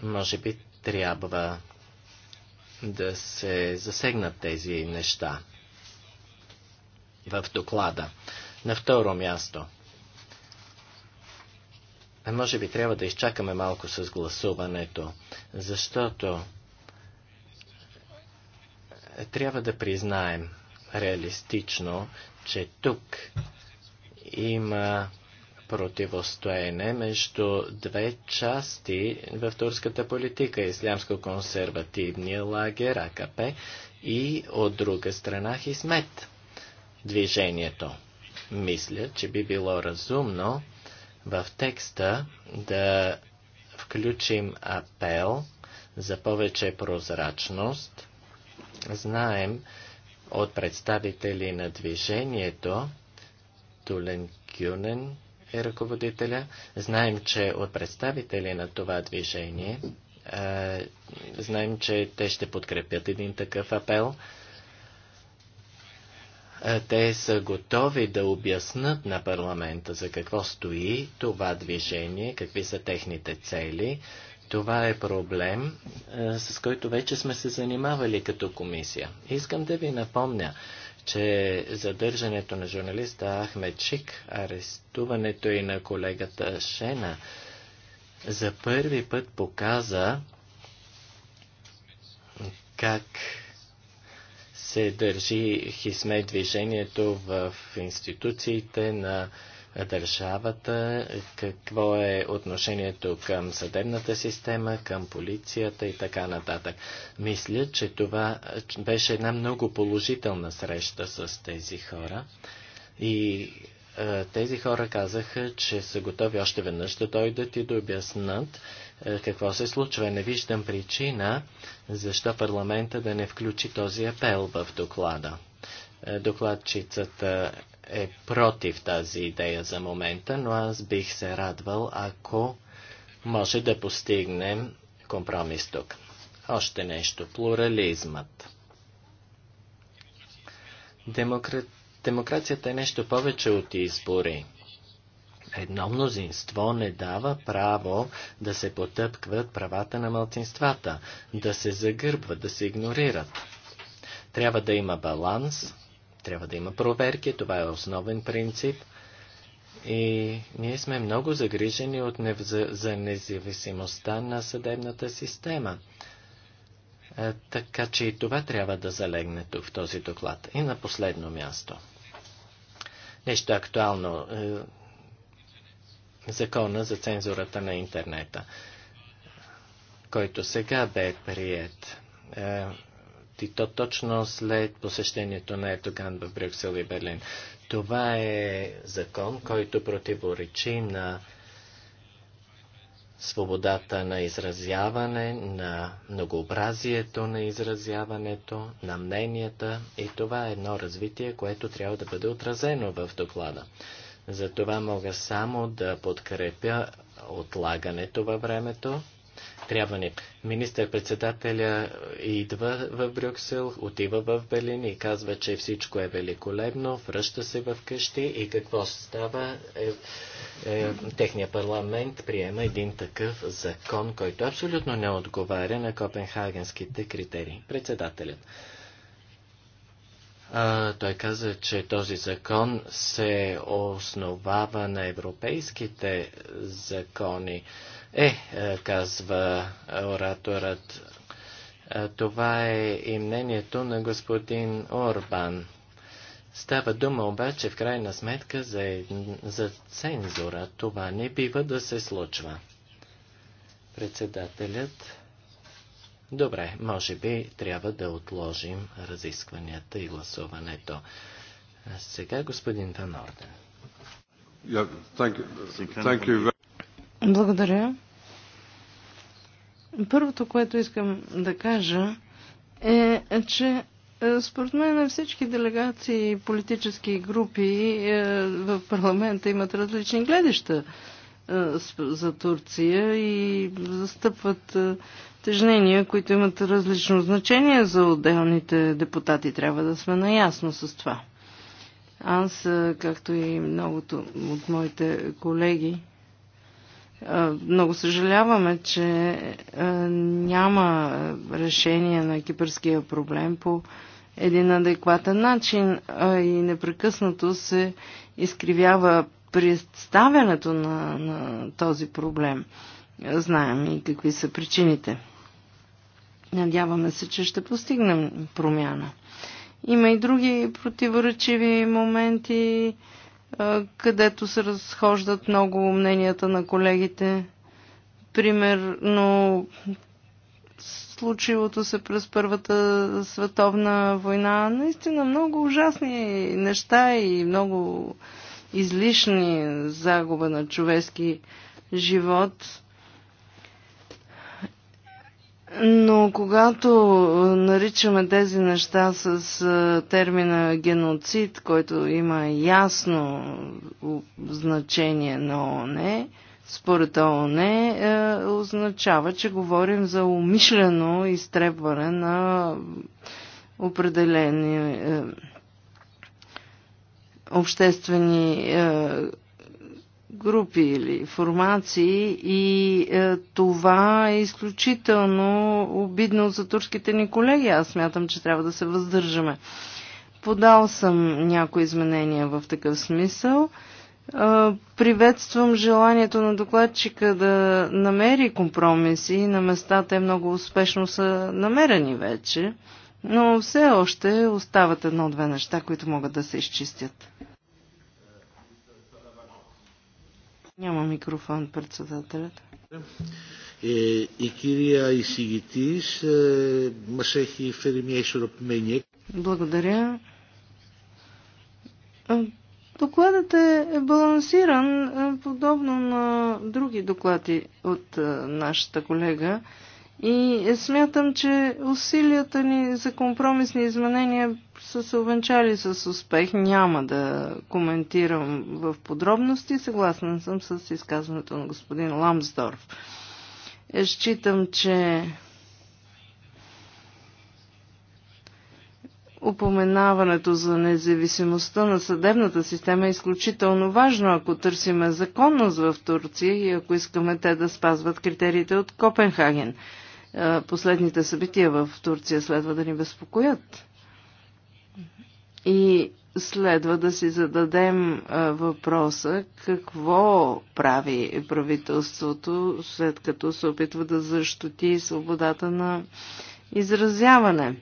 A: Може би трябва да се засегнат тези неща в доклада. На второ място – може би трябва да изчакаме малко с гласуването, защото трябва да признаем реалистично, че тук има противостоене между две части в турската политика ислямско-консервативния лагер АКП и от друга страна Хисмет движението. Мисля, че би било разумно в текста да включим апел за повече прозрачност. Знаем от представители на движението, Тулен Кюнен е ръководителя, знаем, че от представители на това движение, знаем, че те ще подкрепят един такъв апел. Е, те са готови да обяснат на парламента за какво стои това движение, какви са техните цели. Това е проблем, е, с който вече сме се занимавали като комисия. Искам да ви напомня, че задържането на журналиста Ахмед Шик, арестуването и на колегата Шена, за първи път показа как се държи хисме движението в институциите на държавата, какво е отношението към съдебната система, към полицията и така нататък. Мисля, че това беше една много положителна среща с тези хора и е, тези хора казаха, че са готови още веднъж да дойдат и да обяснат е, какво се случва. Не виждам причина, защо парламента да не включи този апел в доклада. Е, докладчицата е против тази идея за момента, но аз бих се радвал, ако може да постигнем компромис тук. Още нещо. Плурализмът. Демократ Демокрацията е нещо повече от избори. Едно мнозинство не дава право да се потъпкват правата на малцинствата, да се загърбват, да се игнорират. Трябва да има баланс, трябва да има проверки, това е основен принцип. И ние сме много загрижени от нев... за независимостта на съдебната система. Е, така че и това трябва да залегне тук в този доклад. И на последно място. Нещо актуално. Е, закона за цензурата на интернета, който сега бе прият. Е, и то точно след посещението на Етоган в Брюксел и Берлин. Това е закон, който противоречи на свободата на изразяване, на многообразието на изразяването, на мненията и това е едно развитие, което трябва да бъде отразено в доклада. Затова мога само да подкрепя отлагането във времето трябва ни. Министър-председателя идва в Брюксел, отива в Берлин и казва, че всичко е великолепно, връща се в къщи и какво става? Е, е, техния парламент приема един такъв закон, който абсолютно не отговаря на копенхагенските критерии. Председателят. А, той каза, че този закон се основава на европейските закони. Е, е, казва е, ораторът, е, това е и мнението на господин Орбан. Става дума обаче в крайна сметка за, за цензура. Това не бива да се случва. Председателят. Добре, може би трябва да отложим разискванията и гласуването. А сега господин Ван Орден.
B: Yeah, thank you. Thank you
E: благодаря. Първото, което искам да кажа е, че е, според мен всички делегации и политически групи е, в парламента имат различни гледища е, за Турция и застъпват тежнения, които имат различно значение за отделните депутати. Трябва да сме наясно с това. Аз, както и многото от моите колеги, много съжаляваме, че няма решение на кипърския проблем по един адекватен начин и непрекъснато се изкривява представянето на, на този проблем. Знаем и какви са причините. Надяваме се, че ще постигнем промяна. Има и други противоречиви моменти където се разхождат много мненията на колегите. Примерно, случилото се през Първата световна война, наистина много ужасни неща и много излишни загуба на човешки живот. Но когато наричаме тези неща с термина геноцид, който има ясно значение на ОНЕ, според ООН, е, означава, че говорим за умишлено изтребване на определени е, обществени е, групи или формации и е, това е изключително обидно за турските ни колеги. Аз смятам, че трябва да се въздържаме. Подал съм някои изменения в такъв смисъл. Е, приветствам желанието на докладчика да намери компромиси. На местата е много успешно са намерени вече, но все още остават едно-две неща, които могат да се изчистят. Няма микрофон, председателят.
B: Ε, η κυρία εισηγητής ε, μας έχει φέρει μια ισορροπημένη
E: Благодаря. Е, докладът е балансиран, е, подобно на други доклади от е, нашата колега. И смятам, че усилията ни за компромисни изменения са се увенчали с успех. Няма да коментирам в подробности. съгласна съм с изказването на господин Ламсдорф. Е, считам, че упоменаването за независимостта на съдебната система е изключително важно, ако търсиме законност в Турция и ако искаме те да спазват критериите от Копенхаген. Е, последните събития в Турция следва да ни безпокоят. И следва да си зададем е, въпроса какво прави правителството, след като се опитва да защити свободата на изразяване.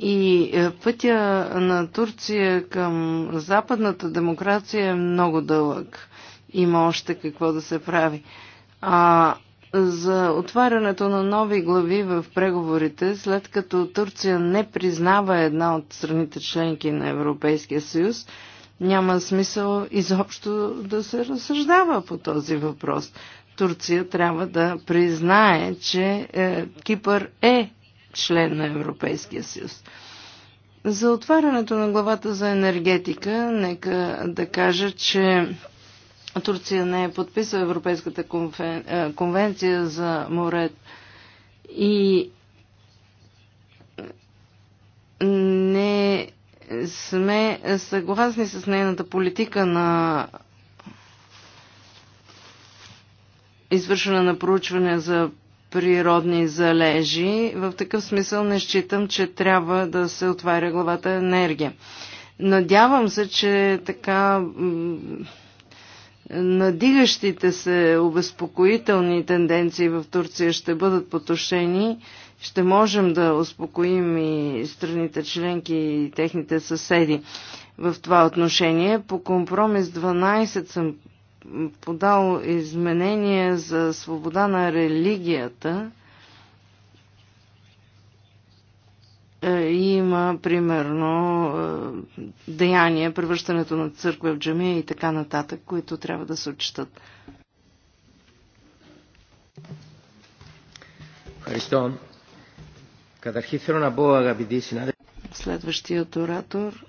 E: И е, пътя на Турция към западната демокрация е много дълъг. Има още какво да се прави. А за отварянето на нови глави в преговорите, след като Турция не признава една от страните членки на Европейския съюз, няма смисъл изобщо да се разсъждава по този въпрос. Турция трябва да признае, че е, Кипър е член на Европейския съюз. За отварянето на главата за енергетика, нека да кажа, че Турция не е подписала Европейската е, конвенция за морет И не сме съгласни с нейната политика на извършване на проучване за природни залежи. В такъв смисъл не считам, че трябва да се отваря главата енергия. Надявам се, че така надигащите се обезпокоителни тенденции в Турция ще бъдат потушени, ще можем да успокоим и страните членки и техните съседи в това отношение. По компромис 12 съм подал изменения за свобода на религията Е, има, примерно, е, деяния, превръщането на църква в джамия и така нататък, които трябва да се отчитат. Следващият оратор.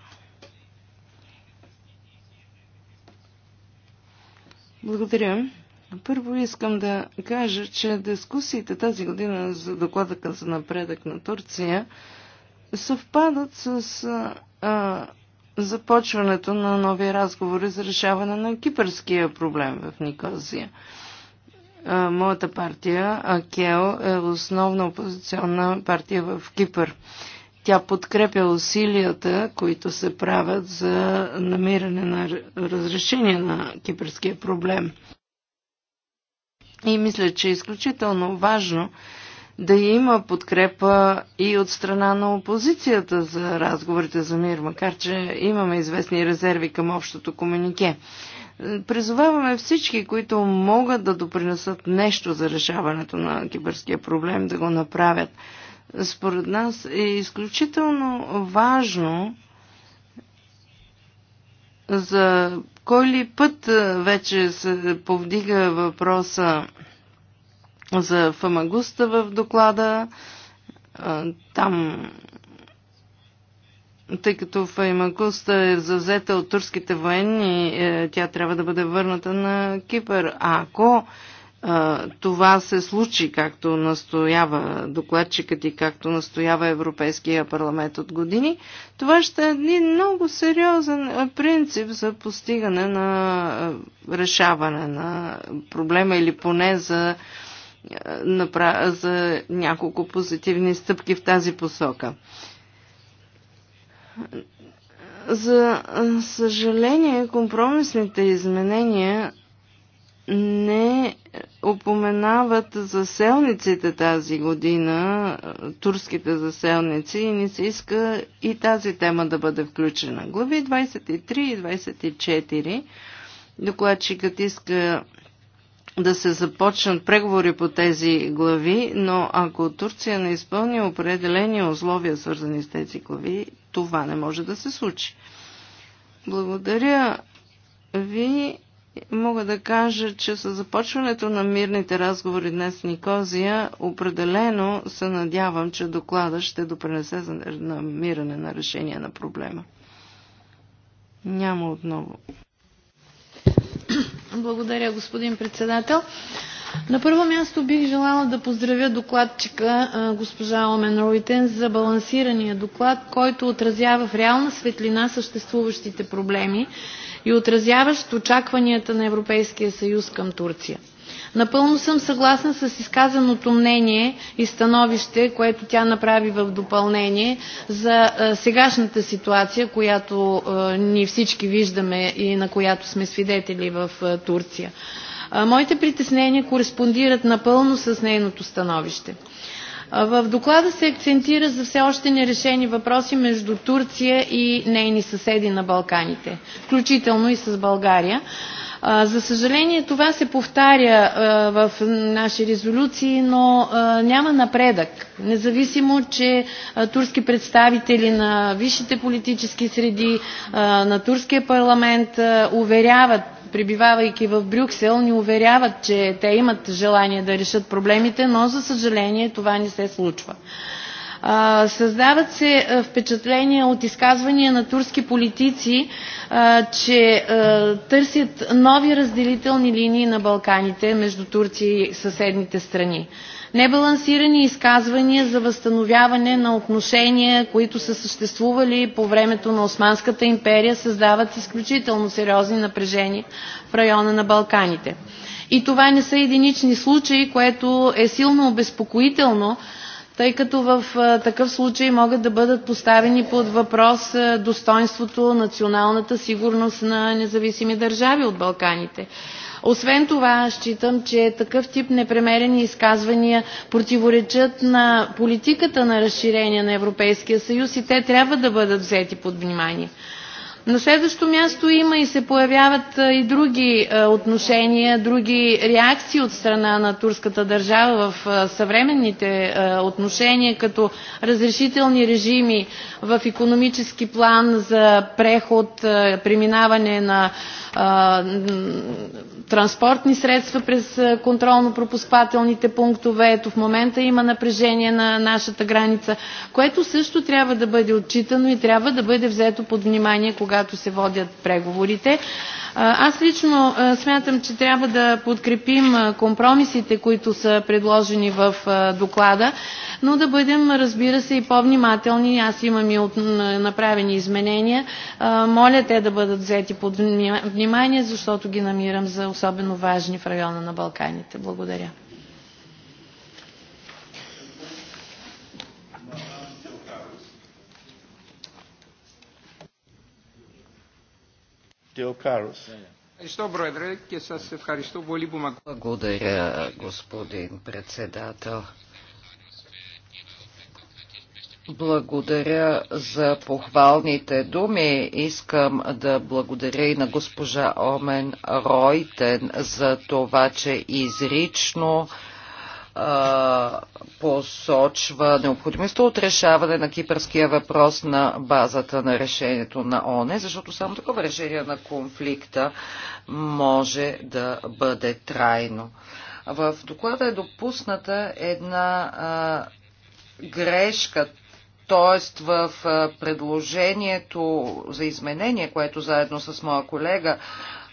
E: Благодаря. Първо искам да кажа, че дискусиите тази година за доклада за напредък на Турция съвпадат с а, започването на нови разговори за решаване на кипърския проблем в Никозия. А, моята партия, АКЕО, е основна опозиционна партия в Кипър. Тя подкрепя усилията, които се правят за намиране на разрешение на кипърския проблем. И мисля, че е изключително важно да има подкрепа и от страна на опозицията за разговорите за мир, макар че имаме известни резерви към общото комунике. Призоваваме всички, които могат да допринесат нещо за решаването на киберския проблем, да го направят. Според нас е изключително важно за кой ли път е, вече се повдига въпроса за Фамагуста в доклада. Там, тъй като Фамагуста е завзета от турските военни, е, тя трябва да бъде върната на Кипър. А ако това се случи, както настоява докладчикът и както настоява Европейския парламент от години, това ще е един много сериозен принцип за постигане на решаване на проблема или поне за е, за няколко позитивни стъпки в тази посока. За съжаление, компромисните изменения не опоменават заселниците тази година, турските заселници, и не се иска и тази тема да бъде включена. Глави 23 и 24 докладчикът иска да се започнат преговори по тези глави, но ако Турция не изпълни определени условия, свързани с тези глави, това не може да се случи. Благодаря ви. Мога да кажа, че с започването на мирните разговори днес в Никозия, определено се надявам, че доклада ще допренесе за намиране на решение на проблема. Няма отново.
C: Благодаря, господин председател. На първо място бих желала да поздравя докладчика госпожа Омен Ройтен за балансирания доклад, който отразява в реална светлина съществуващите проблеми и отразяващ очакванията на Европейския съюз към Турция. Напълно съм съгласна с изказаното мнение и становище, което тя направи в допълнение за е, сегашната ситуация, която е, ние всички виждаме и на която сме свидетели в е, Турция. Моите притеснения кореспондират напълно с нейното становище. В доклада се акцентира за все още нерешени въпроси между Турция и нейни съседи на Балканите, включително и с България. За съжаление това се повтаря в наши резолюции, но няма напредък. Независимо, че турски представители на висшите политически среди, на турския парламент уверяват пребивавайки в Брюксел, ни уверяват, че те имат желание да решат проблемите, но за съжаление това не се случва. Създават се впечатления от изказвания на турски политици, че търсят нови разделителни линии на Балканите между Турция и съседните страни. Небалансирани изказвания за възстановяване на отношения, които са съществували по времето на Османската империя, създават изключително сериозни напрежения в района на Балканите. И това не са единични случаи, което е силно обезпокоително, тъй като в такъв случай могат да бъдат поставени под въпрос достоинството националната сигурност на независими държави от Балканите. Освен това, считам, че такъв тип непремерени изказвания противоречат на политиката на разширение на Европейския съюз и те трябва да бъдат взети под внимание. На следващо място има и се появяват и други отношения, други реакции от страна на турската държава в съвременните отношения, като разрешителни режими в економически план за преход, преминаване на транспортни средства през контролно-пропускателните пунктове. Ето в момента има напрежение на нашата граница, което също трябва да бъде отчитано и трябва да бъде взето под внимание, когато когато се водят преговорите. Аз лично смятам, че трябва да подкрепим компромисите, които са предложени в доклада, но да бъдем, разбира се, и по-внимателни. Аз имам и от, направени изменения. Моля те да бъдат взети под внимание, защото ги намирам за особено важни в района на Балканите. Благодаря.
B: Благодаря, господин
D: председател. Благодаря за похвалните думи. Искам да благодаря и на госпожа Омен Ройтен за това, че изрично посочва необходимостта от решаване на кипърския въпрос на базата на решението на ОНЕ, защото само такова решение на конфликта може да бъде трайно. В доклада е допусната една а, грешка, т.е. в предложението за изменение, което заедно с моя колега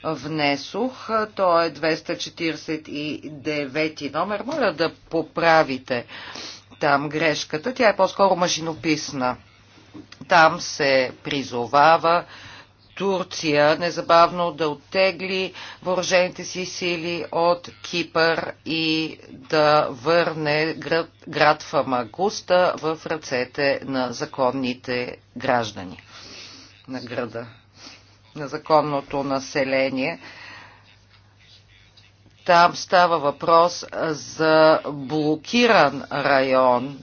D: внесох. Той е 249 номер. Моля да поправите там грешката. Тя е по-скоро машинописна. Там се призовава Турция незабавно да оттегли въоръжените си сили от Кипър и да върне град, град Фамагуста в ръцете на законните граждани на града незаконното население. Там става въпрос за блокиран район,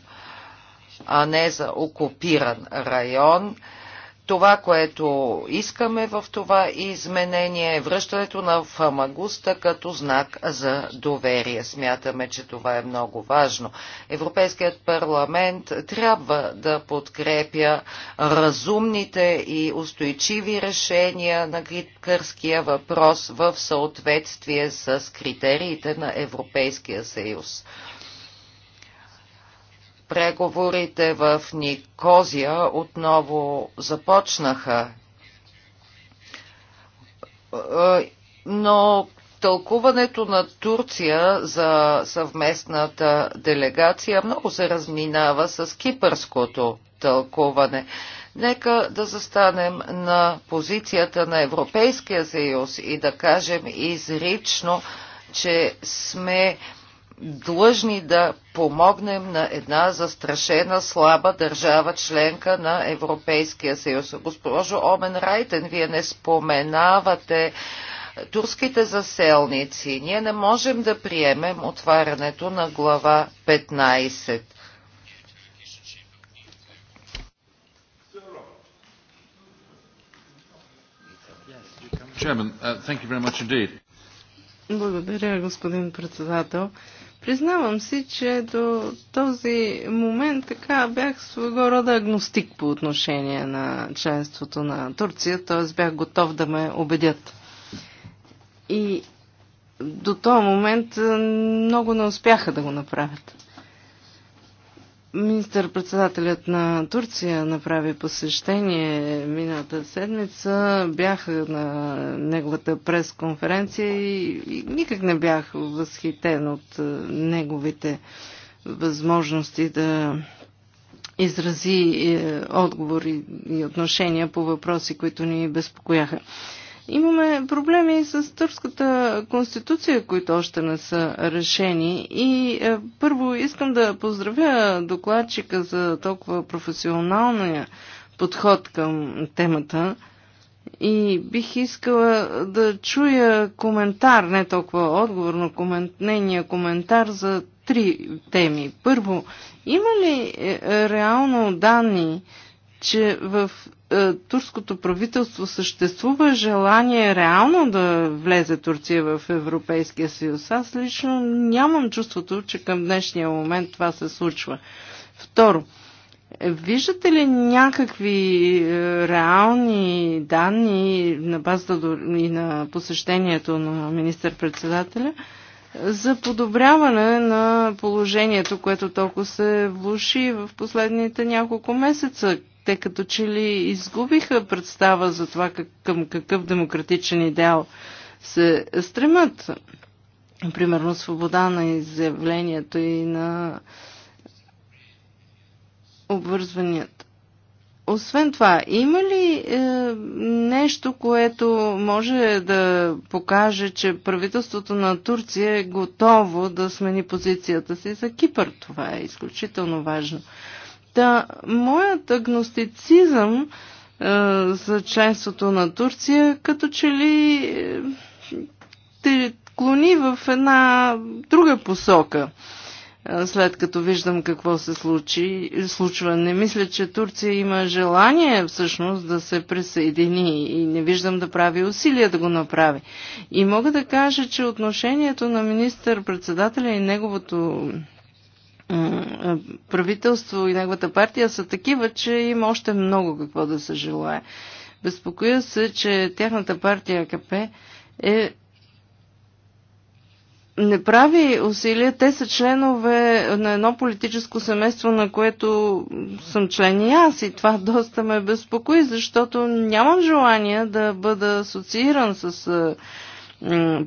D: а не за окупиран район. Това, което искаме в това изменение е връщането на фамагуста като знак за доверие. Смятаме, че това е много важно. Европейският парламент трябва да подкрепя разумните и устойчиви решения на гридкърския въпрос в съответствие с критериите на Европейския съюз. Преговорите в Никозия отново започнаха. Е, но тълкуването на Турция за съвместната делегация много се разминава с кипърското тълкуване. Нека да застанем на позицията на Европейския съюз и да кажем изрично, че сме длъжни да помогнем на една застрашена, слаба държава, членка на Европейския съюз. Госпожо Омен Райтен, вие не споменавате турските заселници. Ние не можем да приемем отварянето на глава 15.
B: Uh,
E: Благодаря, господин председател. Признавам си, че до този момент така бях своего рода агностик по отношение на членството на Турция, т.е. бях готов да ме убедят. И до този момент много не успяха да го направят. Министър-председателят на Турция направи посещение миналата седмица. Бях на неговата пресконференция и никак не бях възхитен от е, неговите възможности да изрази е, отговори и отношения по въпроси, които ни безпокояха. Имаме проблеми с турската конституция, които още не са решени. И е, първо искам да поздравя докладчика за толкова професионалния подход към темата. И бих искала да чуя коментар, не толкова отговор, но комент, нейния коментар за три теми. Първо, има ли е, реално данни че в е, турското правителство съществува желание реално да влезе Турция в Европейския съюз. Аз лично нямам чувството, че към днешния момент това се случва. Второ, виждате ли някакви е, реални данни на базата и на посещението на министър-председателя? за подобряване на положението, което толкова се влуши в последните няколко месеца те като че ли изгубиха представа за това как, към какъв демократичен идеал се стремат. Примерно свобода на изявлението и на обвързванията. Освен това, има ли е, нещо, което може да покаже, че правителството на Турция е готово да смени позицията си за Кипър? Това е изключително важно. Е, Та, моят агностицизъм е, за членството на Турция като че ли е, те клони в една друга посока, е, след като виждам какво се случи, случва. Не мисля, че Турция има желание всъщност да се присъедини и не виждам да прави усилия да го направи. И мога да кажа, че отношението на министър-председателя и неговото правителство и неговата партия са такива, че има още много какво да се желае. Безпокоя се, че тяхната партия АКП е не прави усилия. Те са членове на едно политическо семейство, на което съм член и аз. И това доста ме безпокои, защото нямам желание да бъда асоцииран с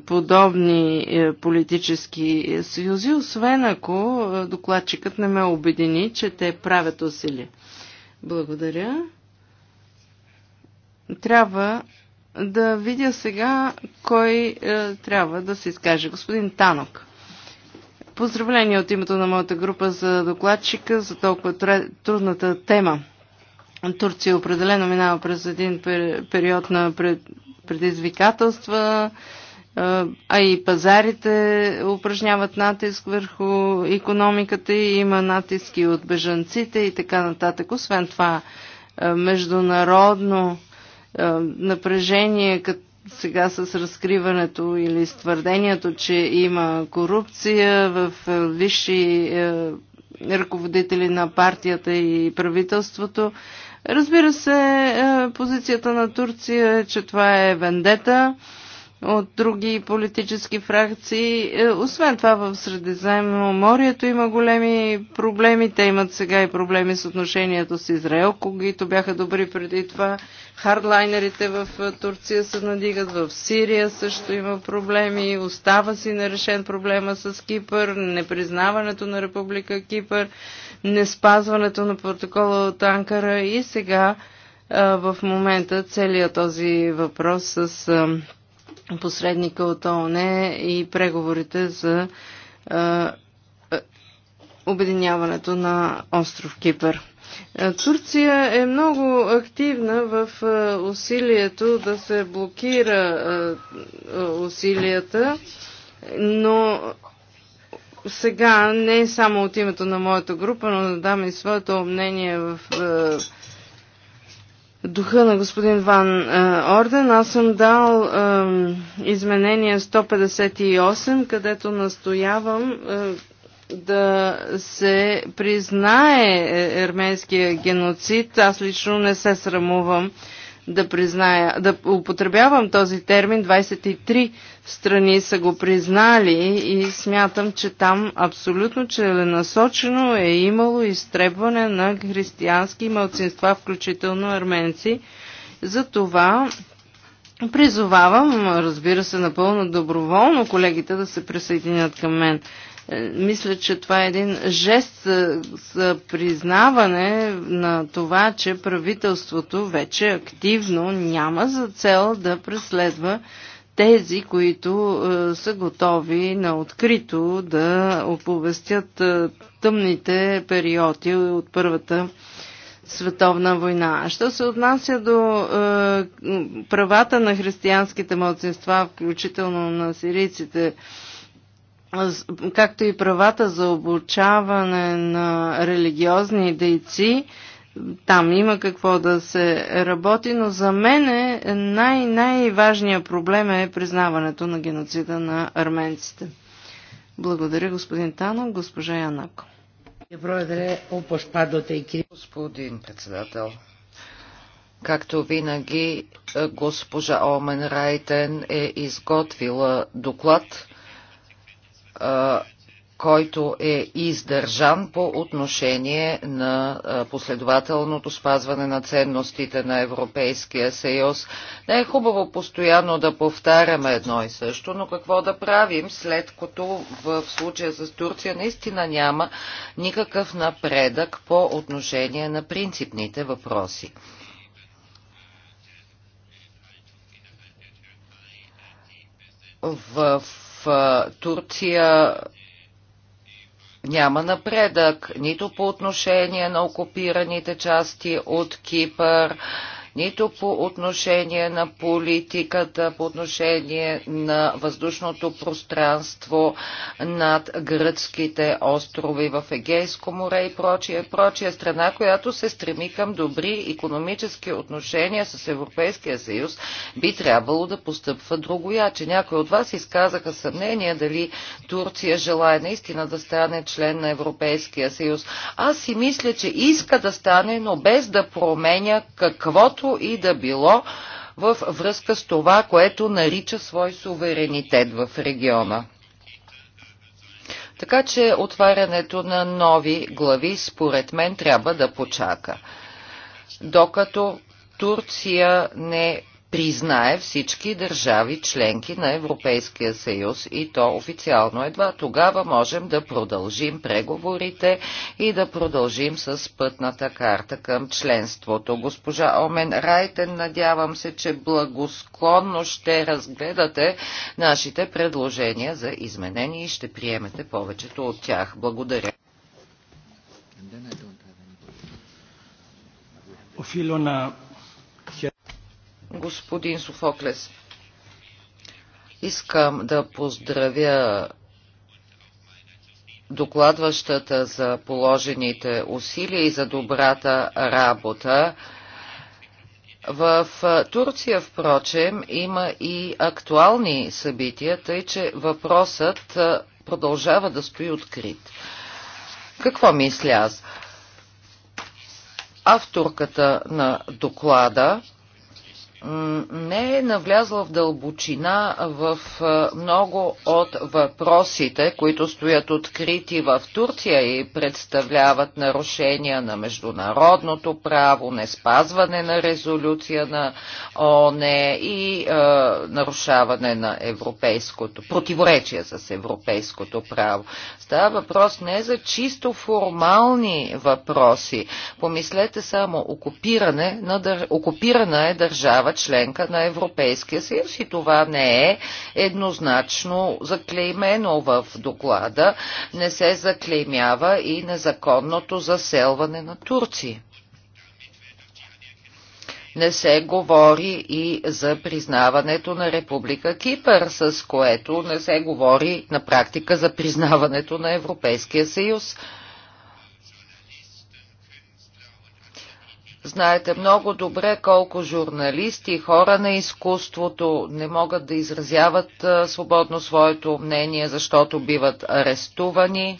E: подобни е, политически съюзи, освен ако е, докладчикът не ме обедини, че те правят усилия. Благодаря. Трябва да видя сега кой е, трябва да се изкаже. Господин Танок. Поздравление от името на моята група за докладчика за толкова трудната тема. Турция определено минава през един период на пред предизвикателства, а и пазарите упражняват натиск върху економиката и има натиски от бежанците и така нататък. Освен това, международно напрежение, като сега с разкриването или с твърдението, че има корупция в висши ръководители на партията и правителството, Разбира се, е, позицията на Турция е, че това е вендета от други политически фракции. Е, освен това в Средиземноморието има големи проблеми. Те имат сега и проблеми с отношението с Израел, когато бяха добри преди това. Хардлайнерите в е, Турция се надигат, в Сирия също има проблеми. Остава си нерешен проблема с Кипър, непризнаването на Република Кипър неспазването на протокола от Анкара и сега в момента целият този въпрос с посредника от ООН и преговорите за обединяването на остров Кипър. Турция е много активна в усилието да се блокира усилията, но сега не само от името на моята група, но да дам и своето мнение в е, духа на господин Ван е, Орден. Аз съм дал е, изменение 158, където настоявам е, да се признае е, ерменския геноцид. Аз лично не се срамувам да призная, да употребявам този термин. 23 страни са го признали и смятам, че там абсолютно целенасочено е имало изтребване на християнски малцинства, включително арменци. За това призовавам, разбира се, напълно доброволно колегите да се присъединят към мен. Е, мисля, че това е един жест е, за признаване на това, че правителството вече активно няма за цел да преследва тези, които е, са готови на открито да оповестят е, тъмните периоди от Първата световна война. Що се отнася до е, правата на християнските младсинства, включително на сирийците, както и правата за обучаване на религиозни дейци, там има какво да се работи, но за мен е най- най-важният проблем е признаването на геноцида на арменците. Благодаря, господин Танов, госпожа
D: Янако. Господин председател, Както винаги, госпожа Омен Райтен е изготвила доклад, който е издържан по отношение на последователното спазване на ценностите на Европейския съюз. Не е хубаво постоянно да повтаряме едно и също, но какво да правим, след като в случая с Турция наистина няма никакъв напредък по отношение на принципните въпроси. В Турция няма напредък нито по отношение на окупираните части от Кипър, нито по отношение на политиката, по отношение на въздушното пространство над гръцките острови в Егейско море и прочие, прочие страна, която се стреми към добри економически отношения с Европейския съюз, би трябвало да постъпва другоя, че Някои от вас изказаха съмнение дали Турция желая наистина да стане член на Европейския съюз. Аз си мисля, че иска да стане, но без да променя каквото каквото и да било в връзка с това, което нарича свой суверенитет в региона. Така че отварянето на нови глави, според мен, трябва да почака. Докато Турция не признае всички държави членки на Европейския съюз и то официално едва. Тогава можем да продължим преговорите и да продължим с пътната карта към членството. Госпожа Омен Райтен, надявам се, че благосклонно ще разгледате нашите предложения за изменения и ще приемете повечето от тях. Благодаря. Οφείλω господин Софоклес. Искам да поздравя докладващата за положените усилия и за добрата работа. В Турция, впрочем, има и актуални събития, тъй че въпросът продължава да стои открит. Какво мисля аз? Авторката на доклада не е навлязла в дълбочина в много от въпросите, които стоят открити в Турция и представляват нарушения на международното право, не спазване на резолюция на ООН и е, нарушаване на европейското, противоречие с европейското право. Става въпрос не за чисто формални въпроси. Помислете само, окупиране на, окупирана е държава държава членка на Европейския съюз и това не е еднозначно заклеймено в доклада. Не се заклеймява и незаконното заселване на Турци. Не се говори и за признаването на Република Кипър, с което не се говори на практика за признаването на Европейския съюз. Знаете много добре колко журналисти, хора на изкуството не могат да изразяват свободно своето мнение, защото биват арестувани.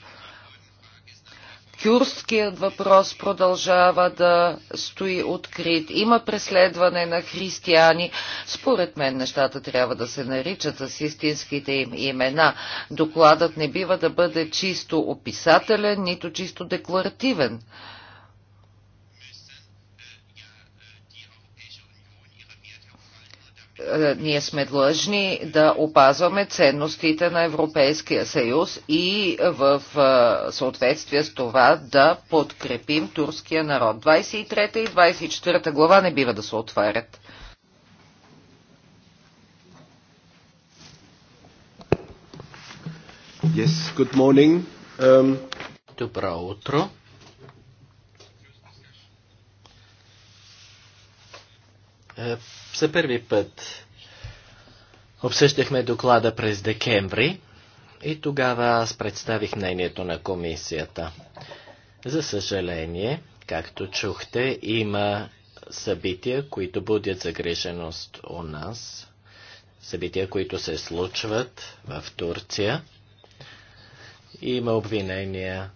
D: Кюрският въпрос продължава да стои открит. Има преследване на християни. Според мен нещата трябва да се наричат с истинските им имена. Докладът не бива да бъде чисто описателен, нито чисто декларативен. Е, ние сме длъжни да опазваме ценностите на Европейския съюз и в е, съответствие с това да подкрепим турския народ. 23 и 24 глава не бива да се отварят.
B: Yes, good morning. Um...
A: Добро утро. Uh, за първи път обсъждахме доклада през декември и тогава аз представих мнението на комисията. За съжаление, както чухте, има събития, които будят загриженост у нас, събития, които се случват в Турция. Има обвинения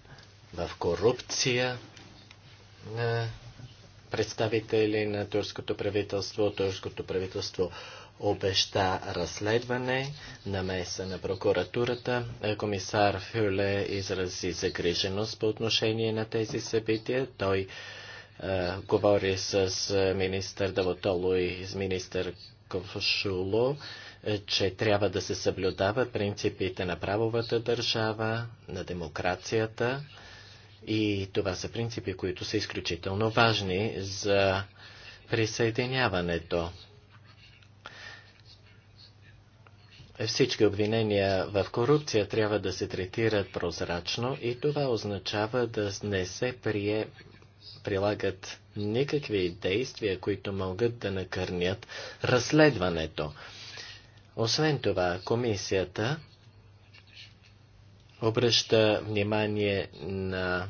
A: в корупция на представители на турското правителство. Турското правителство обеща разследване, намеса на прокуратурата. Комисар Фюле изрази загриженост по отношение на тези събития. Той е, говори с е, министър Давотоло и с министър Ковшуло, е, че трябва да се съблюдава принципите на правовата държава, на демокрацията. И това са принципи, които са изключително важни за присъединяването. Всички обвинения в корупция трябва да се третират прозрачно и това означава да не се прие, прилагат никакви действия, които могат да накърнят разследването. Освен това, комисията обръща внимание на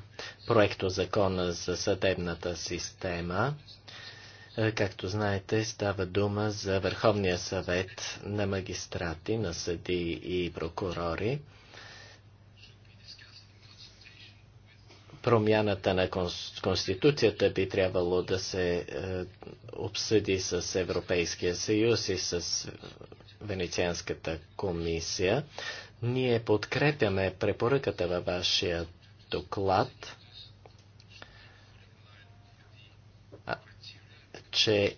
A: проекто закона за съдебната система. Е, както знаете, става дума за Върховния съвет на магистрати, на съди и прокурори. промяната на Конституцията би трябвало да се е, обсъди с Европейския съюз и с Венецианската комисия. Ние подкрепяме препоръката във вашия доклад, че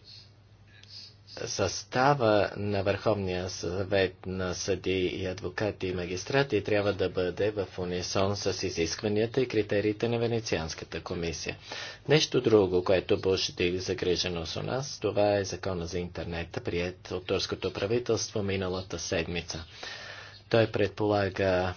A: състава на Върховния съвет на съди и адвокати и магистрати трябва да бъде в унисон с изискванията и критериите на Венецианската комисия. Нещо друго, което бушди загриженост у нас, това е закона за интернет, прият от турското правителство миналата седмица. Той предполага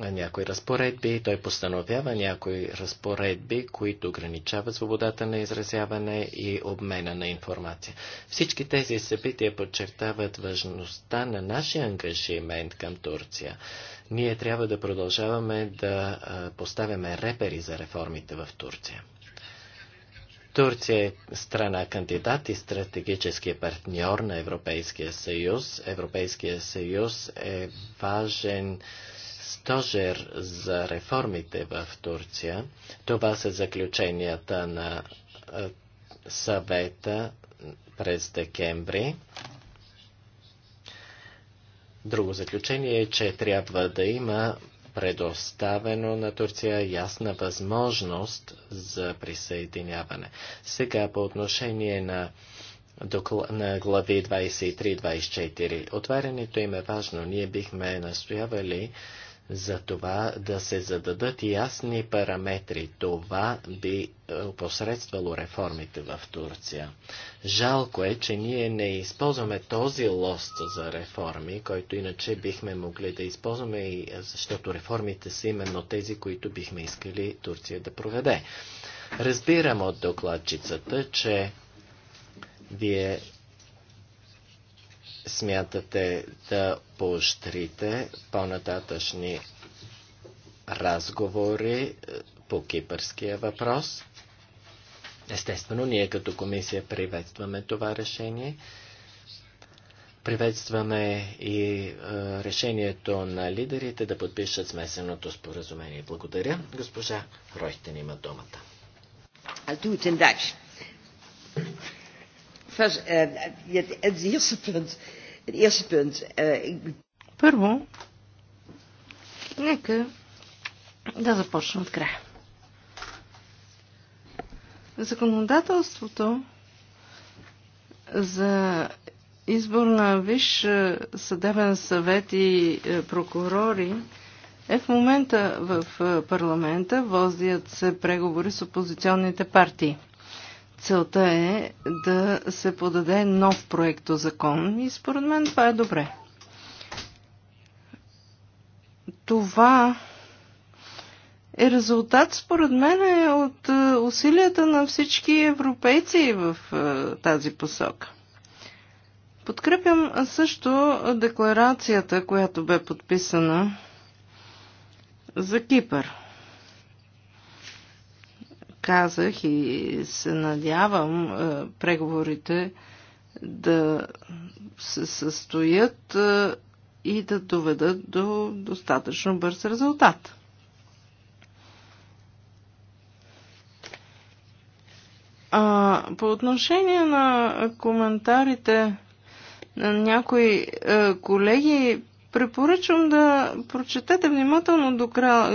A: някои разпоредби, той постановява някои разпоредби, които ограничават свободата на изразяване и обмена на информация. Всички тези събития подчертават важността на нашия ангажимент към Турция. Ние трябва да продължаваме да поставяме репери за реформите в Турция. Турция е страна кандидат и стратегически партньор на Европейския съюз. Европейския съюз е важен стожер за реформите в Турция. Това са заключенията на е, съвета през декември. Друго заключение е, че трябва да има предоставено на Турция ясна възможност за присъединяване. Сега по отношение на, на глави 23-24. Отварянето им е важно. Ние бихме настоявали за това да се зададат ясни параметри. Това би е, посредствало реформите в Турция. Жалко е, че ние не използваме този лост за реформи, който иначе бихме могли да използваме, защото реформите са именно тези, които бихме искали Турция да проведе. Разбирам от докладчицата, че вие смятате да поощрите по-нататъчни разговори е, по кипърския въпрос. Естествено, ние като комисия приветстваме това решение. Приветстваме и е, решението на лидерите да подпишат смесеното споразумение. Благодаря.
D: Госпожа Ройтен има думата. I'll do it in Dutch. Uh, het uh, eerste punt. Het eerste punt. Uh, Първо, нека да започна от
E: края. Законодателството за избор на Виш е, съдебен съвет и е, прокурори е в момента в е, парламента. Воздият се преговори с опозиционните партии. Целта е да се подаде нов проекто закон и според мен това е добре. Това е резултат, според мен, е от е, усилията на всички европейци в е, тази посока. Подкрепям също декларацията, която бе подписана за Кипър казах и се надявам е, преговорите да се състоят е, и да доведат до достатъчно бърз резултат. А, по отношение на коментарите на някои е, колеги, Препоръчвам да прочетете внимателно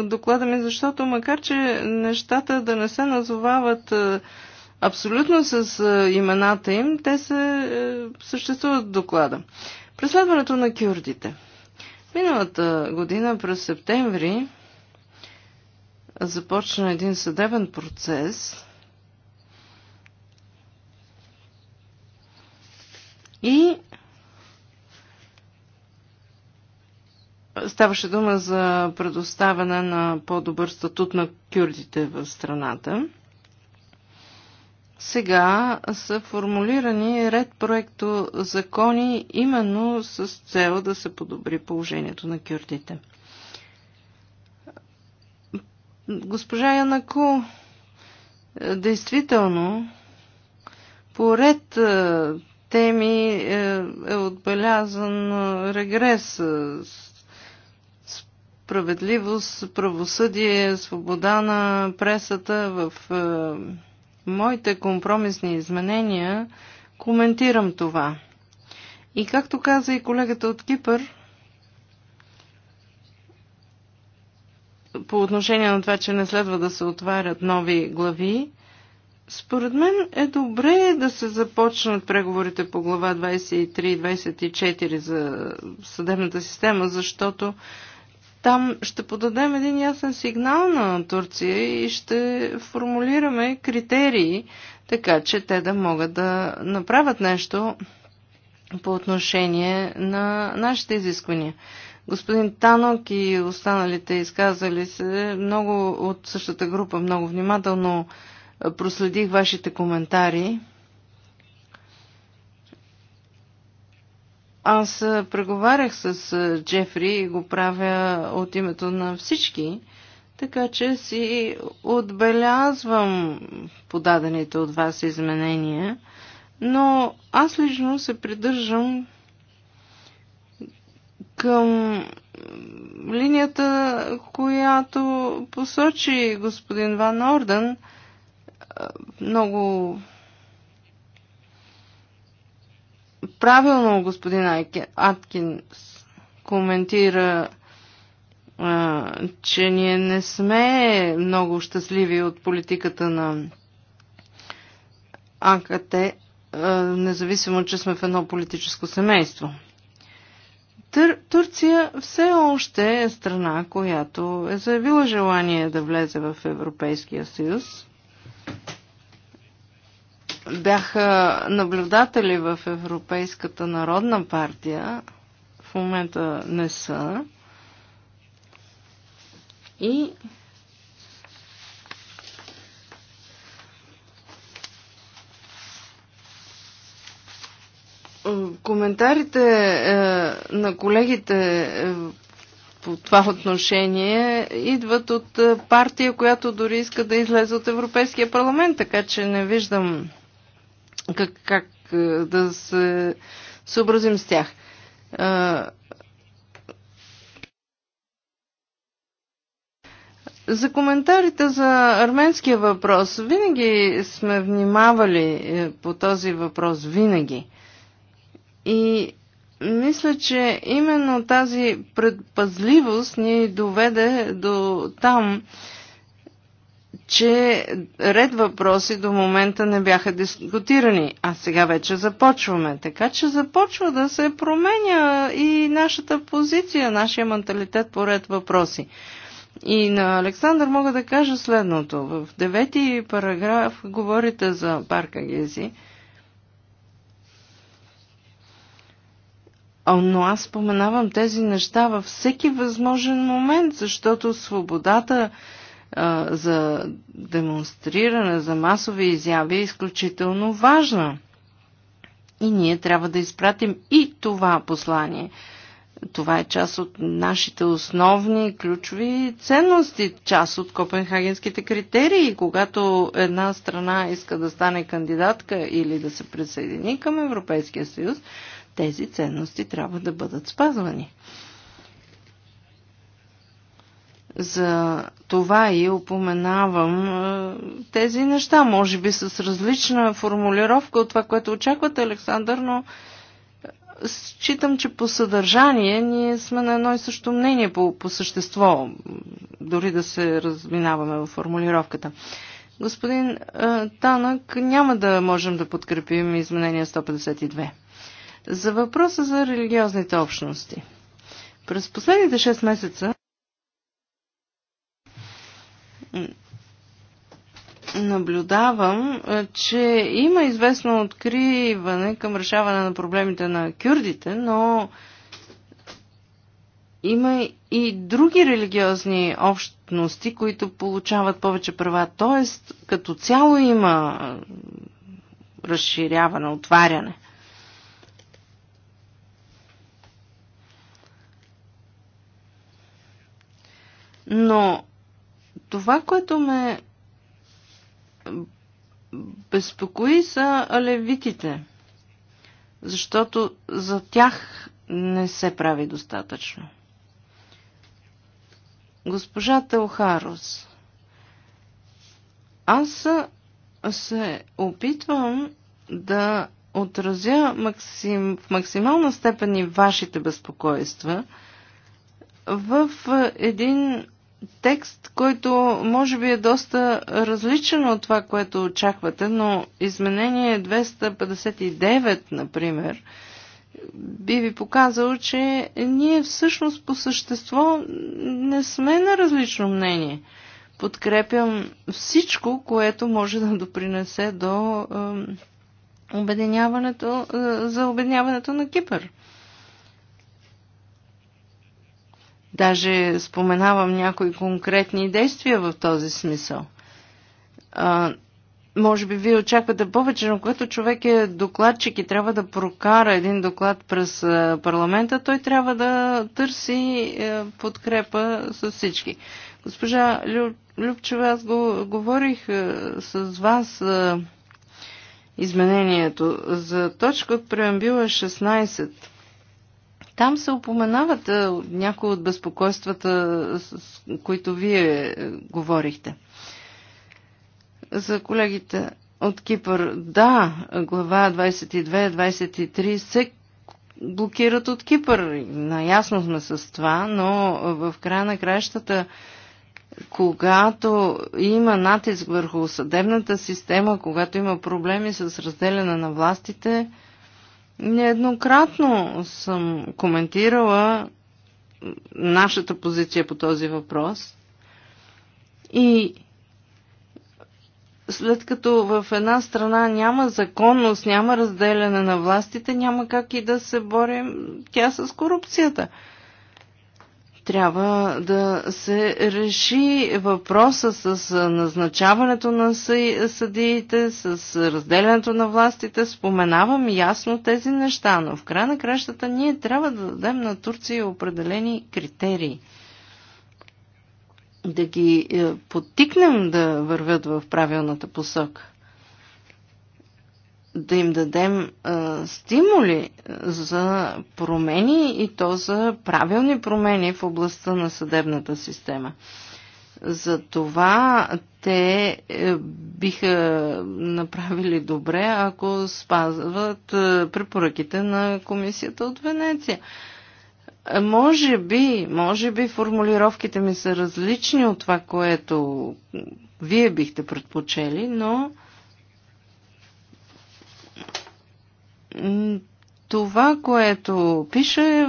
E: доклада ми, защото макар, че нещата да не се назовават е, абсолютно с е, имената им, те се е, съществуват в доклада. Преследването на кюрдите. Миналата година през септември започна един съдебен процес и Ставаше дума за предоставяне на по-добър статут на кюрдите в страната. Сега са формулирани ред проекто закони именно с цел да се подобри положението на кюрдите. Госпожа Янако, действително, по ред е, теми е, е отбелязан е, регрес справедливост, правосъдие, свобода на пресата в е, моите компромисни изменения коментирам това. И както каза и колегата от Кипър, по отношение на това, че не следва да се отварят нови глави, според мен е добре да се започнат преговорите по глава 23 и 24 за съдебната система, защото там ще подадем един ясен сигнал на Турция и ще формулираме критерии, така че те да могат да направят нещо по отношение на нашите изисквания. Господин Танок и останалите изказали се много от същата група, много внимателно проследих вашите коментари. Аз преговарях с Джефри и го правя от името на всички, така че си отбелязвам подадените от вас изменения, но аз лично се придържам към линията, която посочи господин Ван Орден. Много правилно господин Аткинс коментира, а, че ние не сме много щастливи от политиката на АКТ, а, независимо, че сме в едно политическо семейство. Тър, Турция все още е страна, която е заявила желание да влезе в Европейския съюз бяха наблюдатели в Европейската народна партия. В момента не са. И коментарите е, на колегите е, по това отношение идват от е, партия, която дори иска да излезе от Европейския парламент, така че не виждам как, как е, да се съобразим с тях. За коментарите за арменския въпрос. Винаги сме внимавали е, по този въпрос. Винаги. И мисля, че именно тази предпазливост ни доведе до там, че ред въпроси до момента не бяха дискутирани, а сега вече започваме. Така че започва да се променя и нашата позиция, нашия менталитет по ред въпроси. И на Александър мога да кажа следното. В девети параграф говорите за парка Гези. Но аз споменавам тези неща във всеки възможен момент, защото свободата за демонстриране, за масови изяви е изключително важна. И ние трябва да изпратим и това послание. Това е част от нашите основни ключови ценности, част от копенхагенските критерии. Когато една страна иска да стане кандидатка или да се присъедини към Европейския съюз, тези ценности трябва да бъдат спазвани. За това и упоменавам е, тези неща, може би с различна формулировка от това, което очаквате, Александър, но е, считам, че по съдържание ние сме на едно и също мнение по, по същество, дори да се разминаваме в формулировката. Господин е, Танък, няма да можем да подкрепим изменение 152. За въпроса за религиозните общности. През последните 6 месеца наблюдавам, е, че има известно откриване към решаване на проблемите на кюрдите, но има и други религиозни общности, които получават повече права. Тоест, като цяло има е, разширяване, отваряне. Но това, което ме безпокои са алевитите, защото за тях не се прави достатъчно. Госпожа Телхарос, аз се опитвам да отразя максим, в максимална степен и вашите безпокойства в един текст, който може би е доста различен от това, което очаквате, но изменение 259, например, би ви показало, че ние всъщност по същество не сме на различно мнение. Подкрепям всичко, което може да допринесе до обединяването, за обединяването на Кипър. Даже споменавам някои конкретни действия в този смисъл. А, може би вие очаквате повече, но когато човек е докладчик и трябва да прокара един доклад през парламента, той трябва да търси е, подкрепа с всички. Госпожа Любчева, аз го говорих е, с вас е, изменението за точка от преамбила 16 там се упоменават някои от безпокойствата, с които вие е, говорихте. За колегите от Кипър, да, глава 22-23 се блокират от Кипър. Наясно сме с това, но в края на краищата, когато има натиск върху съдебната система, когато има проблеми с разделяне на властите, Нееднократно съм коментирала нашата позиция по този въпрос и след като в една страна няма законност, няма разделяне на властите, няма как и да се борим тя с корупцията трябва да се реши въпроса с назначаването на съдиите, с разделянето на властите. Споменавам ясно тези неща, но в края на кращата ние трябва да дадем на Турция определени критерии. Да ги е, подтикнем да вървят в правилната посока да им дадем а, стимули за промени и то за правилни промени в областта на съдебната система. За това те е, биха направили добре, ако спазват е, препоръките на комисията от Венеция. Е, може би, може би формулировките ми са различни от това, което вие бихте предпочели, но това, което пише,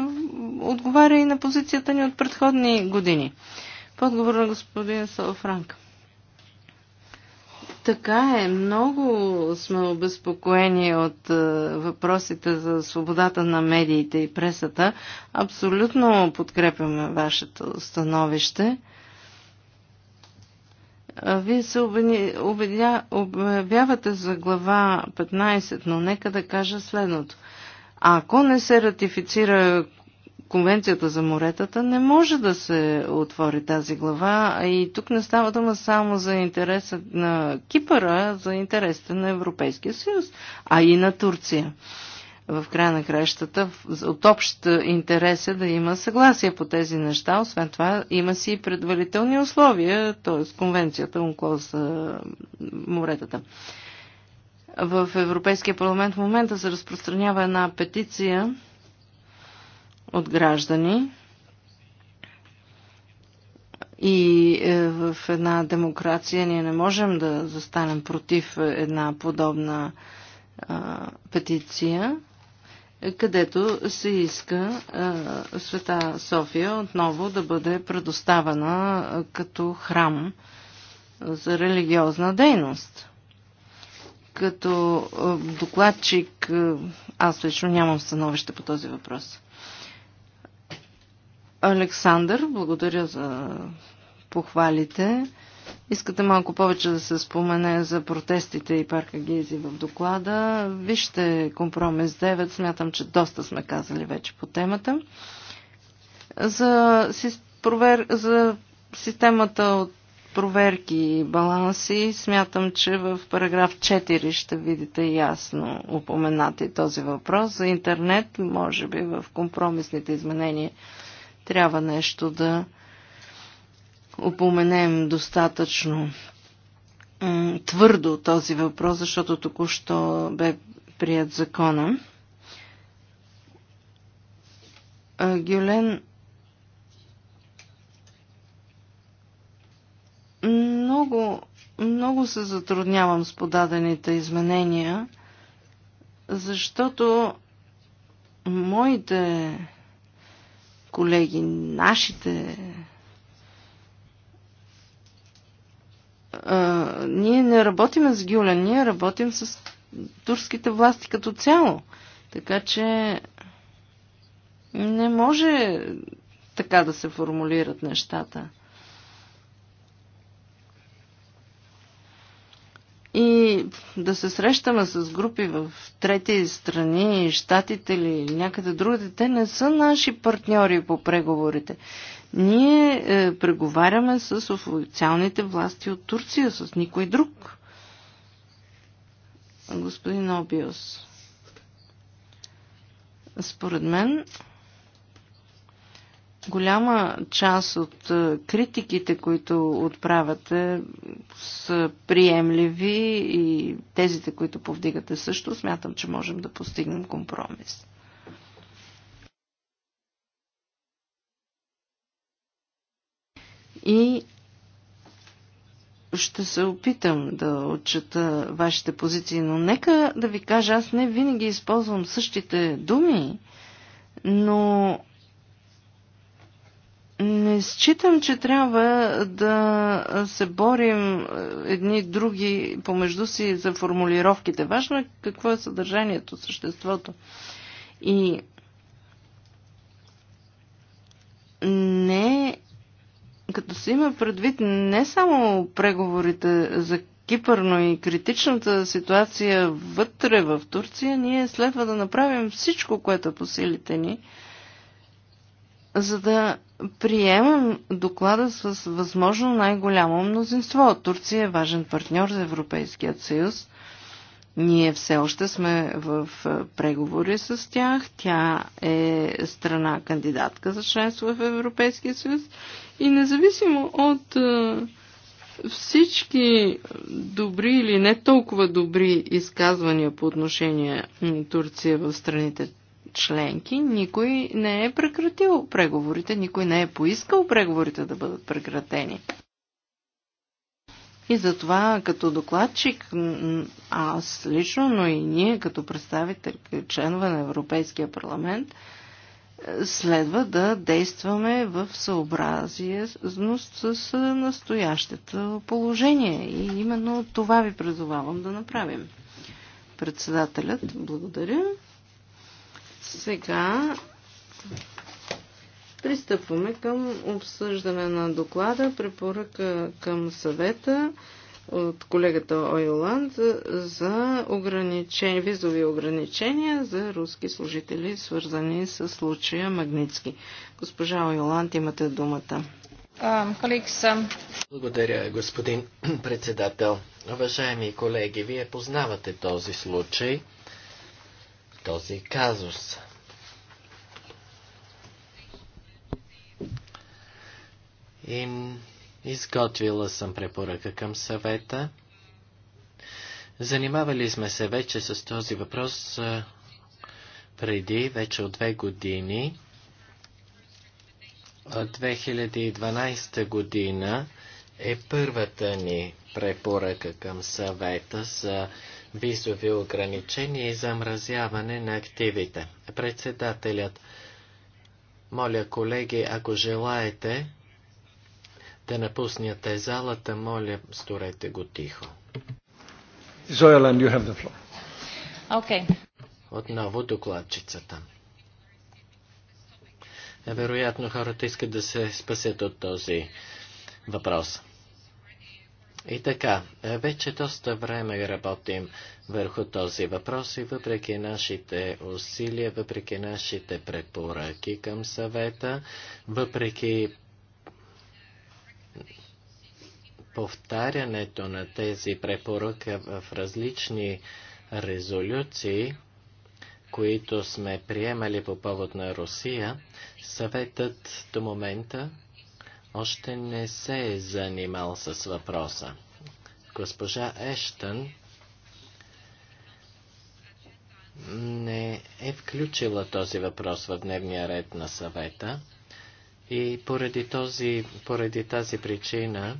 E: отговаря и на позицията ни от предходни години. Подговор на господин Салфранк. Така е, много сме обезпокоени от е, въпросите за свободата на медиите и пресата. Абсолютно подкрепяме вашето становище. Вие се обявявате за глава 15, но нека да кажа следното. А ако не се ратифицира Конвенцията за моретата, не може да се отвори тази глава и тук не става дума само за интереса на Кипъра, за интересите на Европейския съюз, а и на Турция в края на кращата от общ интерес е да има съгласие по тези неща. Освен това има си и предварителни условия, т.е. конвенцията УНКЛОС моретата. В Европейския парламент в момента се разпространява една петиция от граждани, и е, в една демокрация ние не можем да застанем против една подобна петиция където се иска Света София отново да бъде предоставена като храм за религиозна дейност. Като докладчик аз лично нямам становище по този въпрос. Александър, благодаря за похвалите. Искате малко повече да се спомене за протестите и парка Гизи в доклада. Вижте компромис 9. Смятам, че доста сме казали вече по темата. За, провер... за системата от проверки и баланси, смятам, че в параграф 4 ще видите ясно упоменати този въпрос. За интернет, може би в компромисните изменения трябва нещо да упоменем достатъчно твърдо този въпрос, защото току-що бе прият закона. Гюлен много, много се затруднявам с подадените изменения, защото моите колеги, нашите а, ние не работим с Гюля, ние работим с турските власти като цяло. Така че не може така да се формулират нещата. и да се срещаме с групи в трети страни, щатите или някъде другите, те не са наши партньори по преговорите. Ние е, преговаряме с официалните власти от Турция, с никой друг. Господин Обиос, според мен, Голяма част от е, критиките, които отправяте, са приемливи и тезите, които повдигате също, смятам, че можем да постигнем компромис. И ще се опитам да отчета вашите позиции, но нека да ви кажа, аз не винаги използвам същите думи, но не считам, че трябва да се борим е, едни други помежду си за формулировките. Важно е какво е съдържанието, съществото. И не, като се има предвид не само преговорите за Кипър, но и критичната ситуация вътре в Турция, ние следва да направим всичко, което е по силите ни, за да приемем доклада с възможно най-голямо мнозинство. Турция е важен партньор за Европейският съюз. Ние все още сме в преговори с тях. Тя е страна кандидатка за членство в Европейския съюз и независимо от всички добри или не толкова добри изказвания по отношение на Турция в страните членки, никой не е прекратил преговорите, никой не е поискал преговорите да бъдат прекратени. И затова като докладчик, аз лично, но и ние като представители, членове на Европейския парламент, следва да действаме в съобразие с настоящето положение. И именно това ви призовавам да направим. Председателят, благодаря. Сега пристъпваме към обсъждане на доклада, препоръка към съвета от колегата Ойланд за ограничени, визови ограничения за руски служители, свързани с случая Магницки. Госпожа Ойланд, имате думата.
C: съм.
A: Благодаря, господин председател. Уважаеми колеги, вие познавате този случай – този казус. И изготвила съм препоръка към съвета. Занимавали сме се вече с този въпрос преди, вече от две години. От 2012 година е първата ни препоръка към съвета за визови ограничения и замразяване на активите. Председателят, моля колеги, ако желаете да напуснете залата, моля, сторете го тихо. you have the floor. Okay. Отново докладчицата. Вероятно хората искат да се спасят от този въпрос. И така, е, вече доста време работим върху този въпрос и въпреки нашите усилия, въпреки нашите препоръки към съвета, въпреки повтарянето на тези препоръки в различни резолюции, които сме приемали по повод на Русия, съветът до момента още не се е занимал с въпроса. Госпожа Ештън не е включила този въпрос в дневния ред на съвета и поради, този, поради тази причина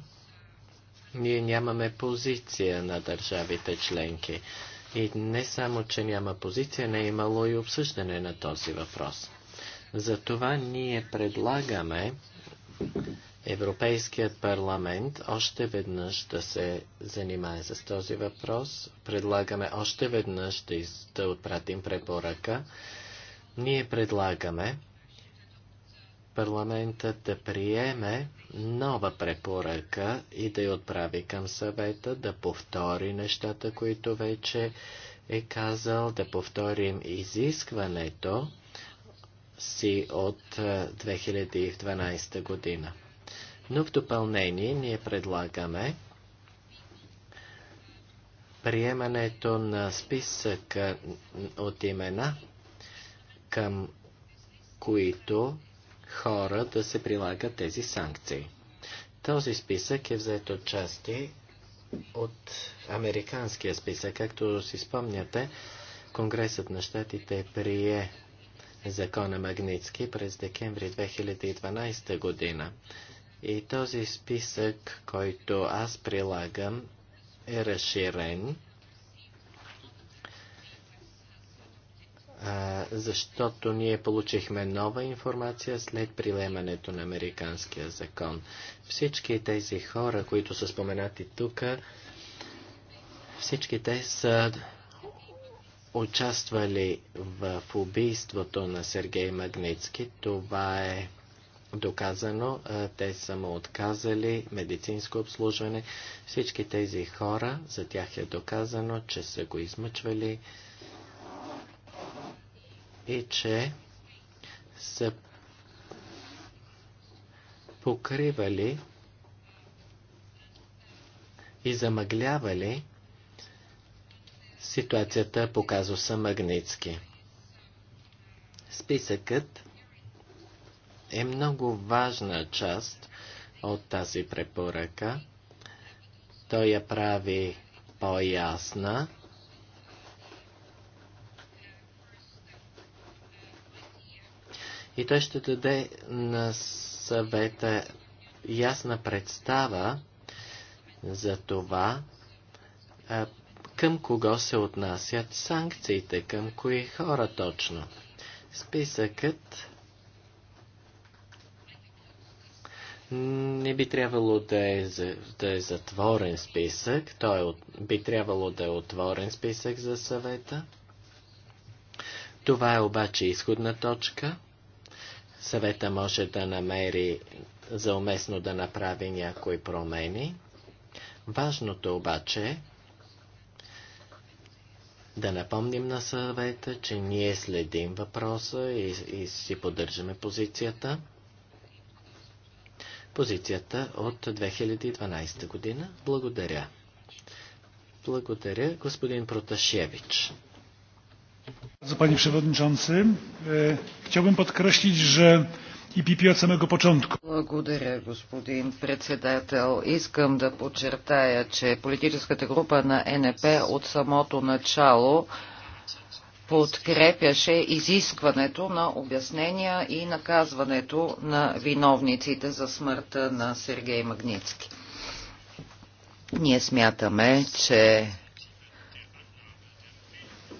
A: ние нямаме позиция на държавите членки. И не само, че няма позиция, не е имало и обсъждане на този въпрос. Затова ние предлагаме Европейският парламент още веднъж да се занимае с този въпрос. Предлагаме още веднъж да, из... да отпратим препоръка. Ние предлагаме парламентът да приеме нова препоръка и да я отправи към съвета, да повтори нещата, които вече е казал, да повторим изискването си от 2012 е, година. Но в допълнение ние предлагаме приемането на списък от имена, към които хора да се прилагат тези санкции. Този списък е взет от части от американския списък. Както си спомняте, Конгресът на щатите прие закона Магницки през декември 2012 година. И този списък, който аз прилагам, е разширен, защото ние получихме нова информация след приемането на американския закон. Всички тези хора, които са споменати тук, всички те са участвали в убийството на Сергей Магницки. Това е доказано, те са му отказали медицинско обслужване. Всички тези хора, за тях е доказано, че са го измъчвали и че са покривали и замъглявали ситуацията по казуса Магницки. Списъкът е много важна част от тази препоръка. Той я прави по-ясна. И той ще даде на съвета ясна представа за това, към кого се отнасят санкциите, към кои хора точно. Списъкът не би трябвало да е, да е затворен списък, той е, би трябвало да е отворен списък за съвета. Това е обаче изходна точка. Съвета може да намери за уместно да направи някои промени. Важното обаче е да напомним на съвета, че ние следим въпроса и, и си поддържаме позицията позицията от 2012 година. Благодаря. Благодаря, господин Проташевич.
B: Panie Przewodniczący, e, chciałbym podkreślić, że IPP e od samego początku.
D: Благодаря, господин председател. Искам да подчертая, че политическата група на НП е от самото начало подкрепяше изискването на обяснения и наказването на виновниците за смъртта на Сергей Магницки. Ние смятаме, че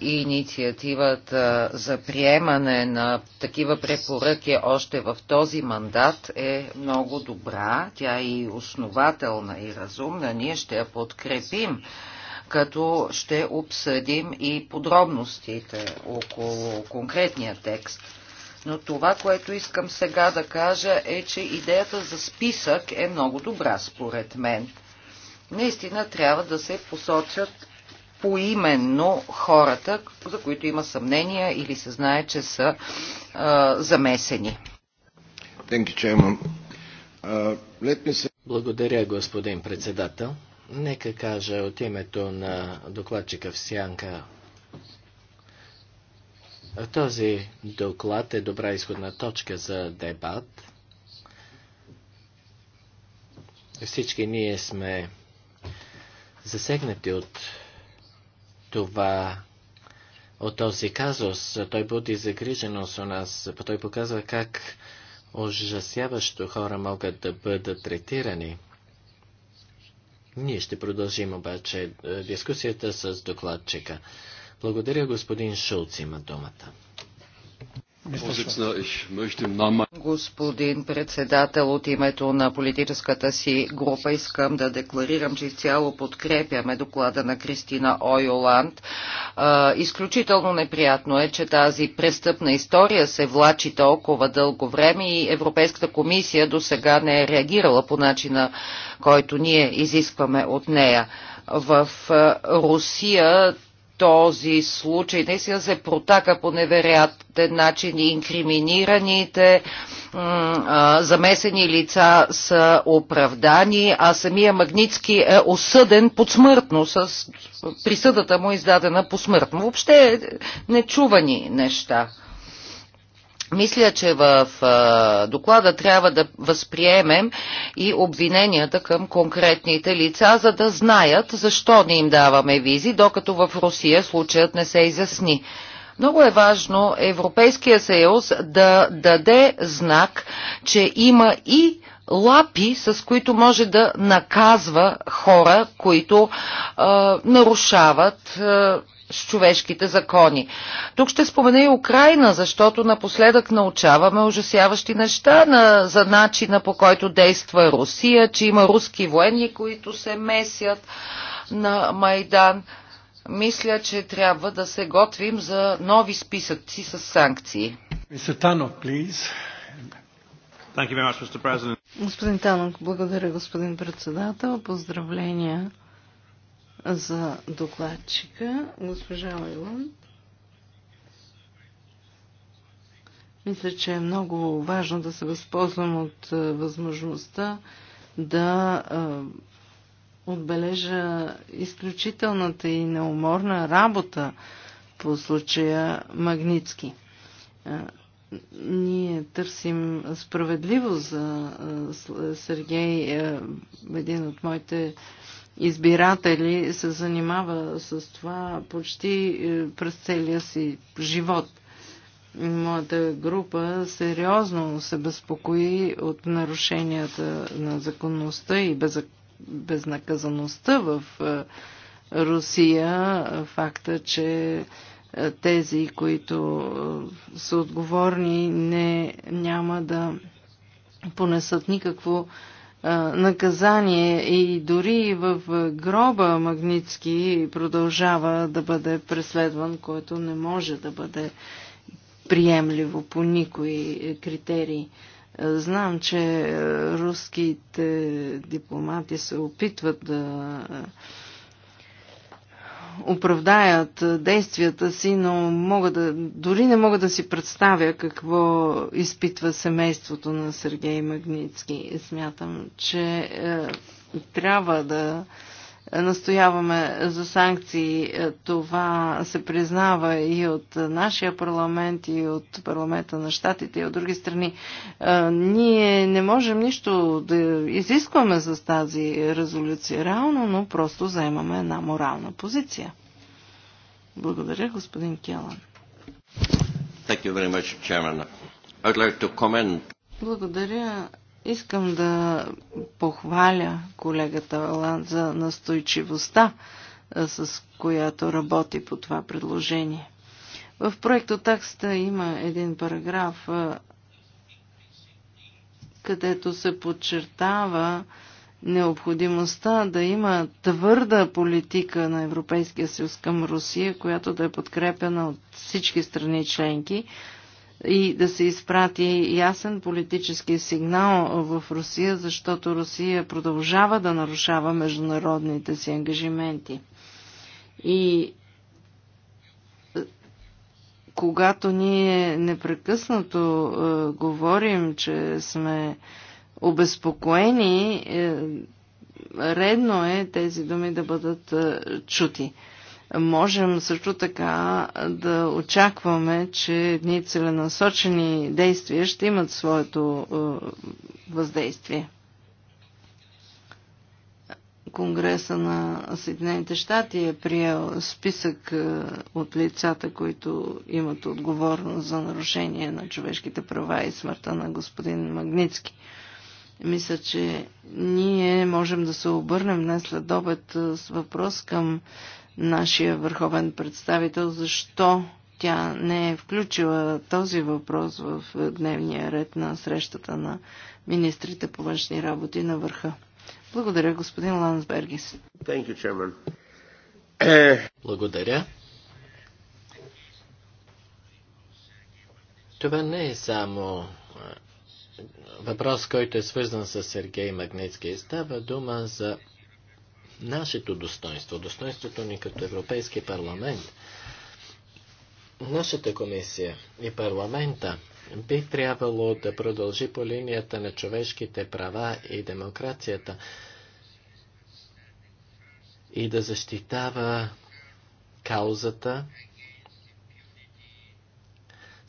D: инициативата за приемане на такива препоръки още в този мандат е много добра. Тя е и основателна и разумна. Ние ще я подкрепим като ще обсъдим и подробностите около конкретния текст. Но това, което искам сега да кажа е, че идеята за списък е много добра, според мен. Наистина трябва да се посочат поименно хората, за които има съмнения или се знае, че са а, замесени.
A: Uh, Благодаря, господин председател. Нека кажа от името на докладчика в Сянка. Този доклад е добра изходна точка за дебат. Всички ние сме засегнати от това, от този казус. Той буди загриженост у нас. Той показва как ужасяващо хора могат да бъдат третирани. Ние ще продължим обаче е, дискусията с докладчика. Благодаря, господин Шулц има думата.
D: Господин председател, от името на политическата си група искам да декларирам, че изцяло подкрепяме доклада на Кристина Ойоланд. Изключително неприятно е, че тази престъпна история се влачи толкова дълго време и Европейската комисия до сега не е реагирала по начина, който ние изискваме от нея в Русия този случай. Наистина се протака по невероятен начин и инкриминираните замесени лица са оправдани, а самия Магницки е осъден подсмъртно с присъдата му е издадена посмъртно. Въобще нечувани неща. Мисля, че в доклада трябва да възприемем и обвиненията към конкретните лица, за да знаят защо не им даваме визи, докато в Русия случаят не се изясни. Много е важно Европейския съюз да даде знак, че има и лапи, с които може да наказва хора, които е, нарушават е, с човешките закони. Тук ще спомена и Украина, защото напоследък научаваме ужасяващи неща на, за начина по който действа Русия, че има руски военни, които се месят на Майдан. Мисля, че трябва да се готвим за нови списъци с санкции.
E: Господин Танок, благодаря господин председател. Поздравления за докладчика, госпожа Лайлон. Мисля, че е много важно да се възползвам от е, възможността да е, отбележа изключителната и неуморна работа по случая Магницки. Е, ние търсим справедливо за Сергей, един от моите избиратели се занимава с това почти е, през целия си живот. Моята група сериозно се безпокои от нарушенията на законността и безнаказаността в е, Русия. Факта, че е, тези, които са отговорни, не, няма да понесат никакво наказание и дори в гроба Магницки продължава да бъде преследван, който не може да бъде приемливо по никои критерии. Знам, че руските дипломати се опитват да оправдаят действията си, но мога да, дори не мога да си представя какво изпитва семейството на Сергей Магницки. Смятам, че е, трябва да настояваме за санкции. Това се признава и от нашия парламент, и от парламента на щатите, и от други страни. Ние не можем нищо да изискваме с тази резолюция реално, но просто заемаме една морална позиция. Благодаря, господин Келан. Благодаря, Искам да похваля колегата Алан за настойчивостта, с която работи по това предложение. В проекто такста има един параграф, където се подчертава необходимостта да има твърда политика на Европейския съюз към Русия, която да е подкрепена от всички страни членки, и да се изпрати ясен политически сигнал в Русия, защото Русия продължава да нарушава международните си ангажименти. И е, когато ние непрекъснато е, говорим, че сме обезпокоени, е, редно е тези думи да бъдат е, чути можем също така да очакваме, че едни целенасочени действия ще имат своето е, въздействие. Конгреса на Съединените щати е приел списък е, от лицата, които имат отговорност за нарушение на човешките права и смъртта на господин Магницки. Мисля, че ние можем да се обърнем днес след обед е, с въпрос към нашия върховен представител, защо тя не е включила този въпрос в дневния ред на срещата на министрите по външни работи на върха. Благодаря, господин Лансбергис. You, Благодаря.
A: Това не е само въпрос, който е свързан с Сергей Магнитски. Става дума за нашето достоинство, достоинството ни като Европейски парламент, нашата комисия и парламента би трябвало да продължи по линията на човешките права и демокрацията и да защитава каузата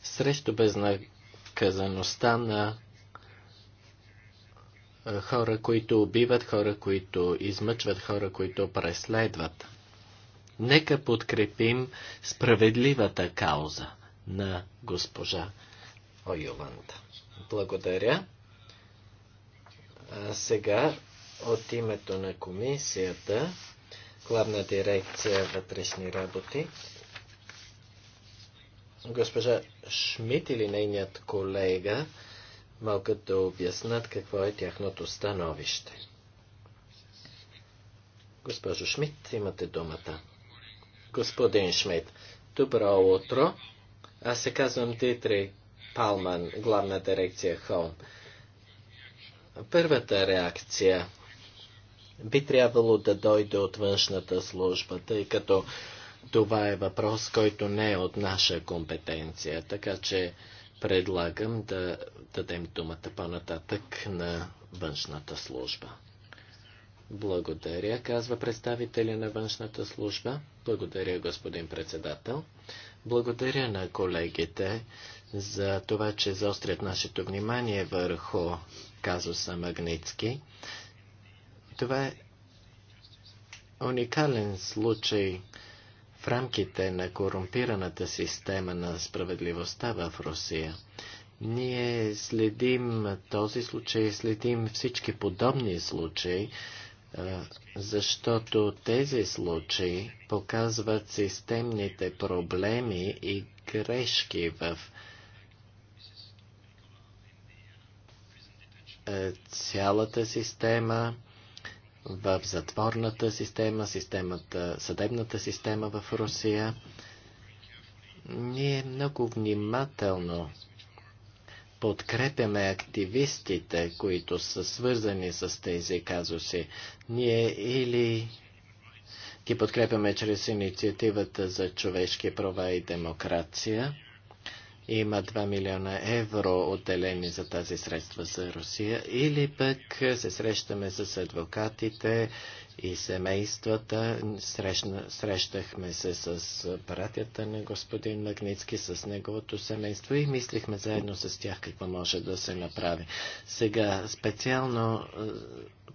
A: срещу безнаказаността на хора, които убиват, хора, които измъчват, хора, които преследват. Нека подкрепим справедливата кауза на госпожа Ойоланд. Благодаря. А сега от името на комисията, главна дирекция вътрешни работи, госпожа Шмидт или нейният колега могат да обяснат какво е тяхното становище. Госпожо Шмидт, имате думата. Господин Шмидт, добро утро. Аз се казвам Дитри Палман, главна дирекция Холм. Първата реакция би трябвало да дойде от външната служба, тъй като това е въпрос, който не е от наша компетенция, така че предлагам да дадем думата по-нататък на външната служба. Благодаря, казва представителя на външната служба. Благодаря, господин председател. Благодаря на колегите за това, че заострят нашето внимание върху казуса Магницки. Това е уникален случай, в рамките на корумпираната система на справедливостта в Русия. Ние следим този случай, следим всички подобни случаи, защото тези случаи показват системните проблеми и грешки в цялата система в затворната система, системата, съдебната система в Русия. Ние много внимателно подкрепяме активистите, които са свързани с тези казуси. Ние или ги подкрепяме чрез инициативата за човешки права и демокрация, има 2 милиона евро отделени за тази средства за Русия, или пък се срещаме с адвокатите и семействата. Срещна, срещахме се с братята на господин Магницки, с неговото семейство и мислихме заедно с тях какво може да се направи. Сега, специално е,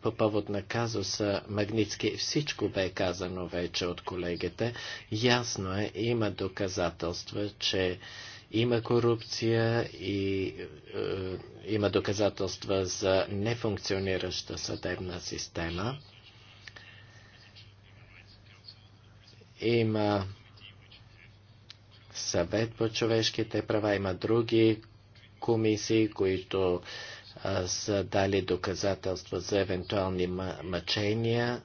A: по повод на казуса Магницки, всичко бе казано вече от колегите. Ясно е, има доказателства, че има корупция и е, има доказателства за нефункционираща съдебна система. Има съвет по човешките права, има други комисии, които е, са дали доказателства за евентуални мъчения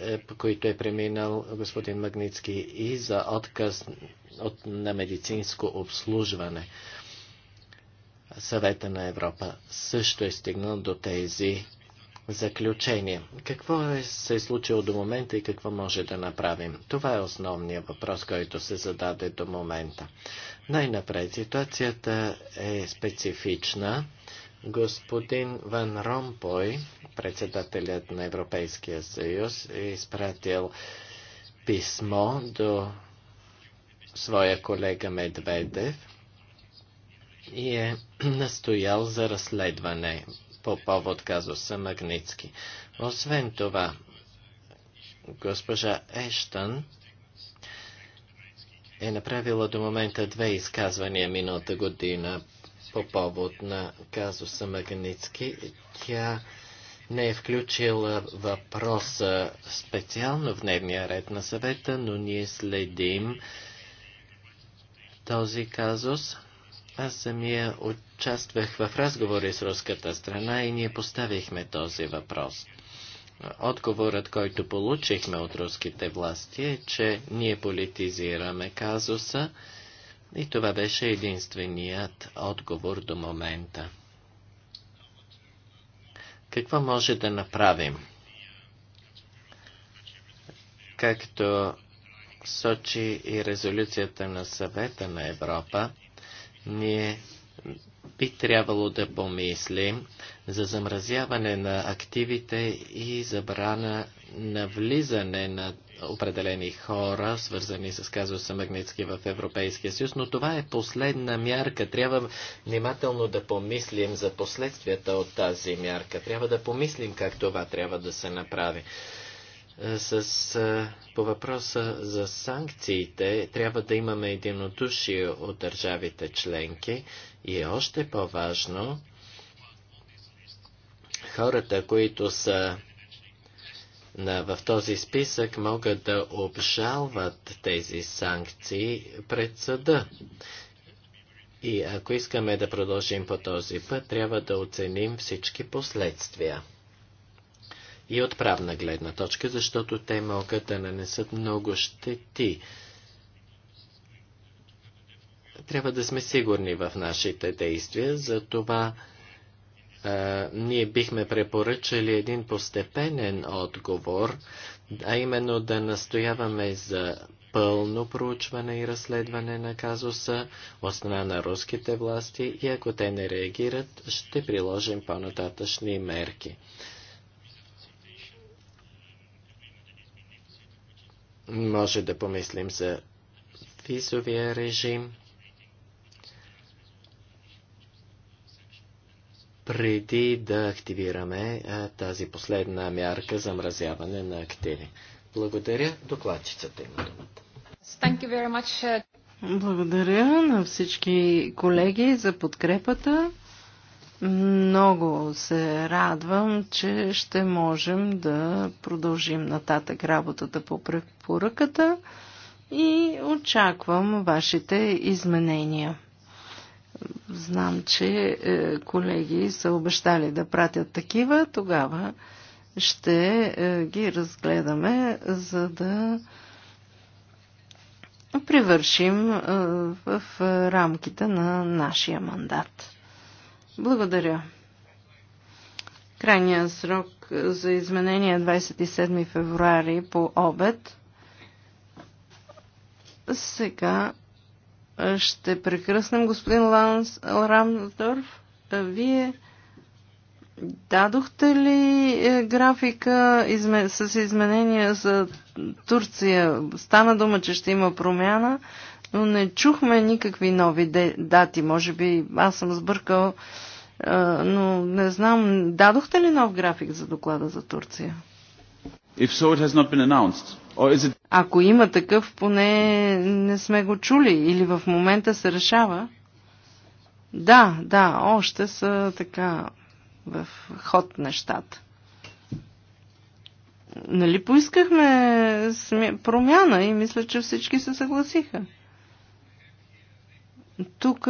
A: е, които е преминал господин Магницки и за отказ от, на медицинско обслужване. Съвета на Европа също е стигнал до тези заключения. Какво е, се е случило до момента и какво може да направим? Това е основният въпрос, който се зададе до момента. Най-напред ситуацията е специфична. Господин Ван Ромпой, председателят на Европейския съюз, е изпратил писмо до своя колега Медведев и е настоял за разследване по повод казуса Магницки. Освен това, госпожа Ештън е направила до момента две изказвания миналата година по повод на казуса Магницки. Тя не е включила въпроса специално в дневния ред на съвета, но ние следим този казус. Аз самия участвах в разговори с руската страна и ние поставихме този въпрос. Отговорът, който получихме от руските власти е, че ние политизираме казуса, и това беше единственият отговор до момента. Какво може да направим? Както сочи и резолюцията на съвета на Европа, ние би трябвало да помислим за замразяване на активите и забрана на влизане на определени хора, свързани с казуса Магнитски в Европейския съюз, но това е последна мярка. Трябва внимателно да помислим за последствията от тази мярка. Трябва да помислим как това трябва да се направи. Е, с, е, по въпроса за санкциите трябва да имаме единодушие от държавите членки и е още по-важно хората, които са в този списък могат да обжалват тези санкции пред съда. И ако искаме да продължим по този път, трябва да оценим всички последствия. И от правна гледна точка, защото те могат да нанесат много щети. Трябва да сме сигурни в нашите действия, за това е, ние бихме препоръчали един постепенен отговор, а именно да настояваме за пълно проучване и разследване на казуса от страна на руските власти и ако те не реагират, ще приложим по-нататъчни мерки. Може да помислим за визовия режим. преди да активираме а, тази последна мярка за мразяване на активи. Благодаря. Докладчицата има думата.
C: Uh, Благодаря
E: на всички колеги за подкрепата. Много се радвам, че ще можем да продължим нататък работата по препоръката и очаквам вашите изменения. Знам, че е, колеги са обещали да пратят такива, тогава ще е, ги разгледаме, за да привършим е, в рамките на нашия мандат. Благодаря. Крайният срок за изменение 27 февруари по обед. Сега е, ще прекръснем господин Ланс, Рамдорф. Е, вие дадохте ли е, графика изме, с изменения за Турция? Стана дума, че ще има промяна, но не чухме никакви нови дати. Може би аз съм сбъркал, но не знам. Дадохте ли нов график за доклада за Турция?
B: If so, it has not been announced. Or is it...
E: Ако има такъв, поне не сме го чули или в момента се решава. Да, да, още са така в ход нещата. Нали поискахме промяна и мисля, че всички се съгласиха. Тук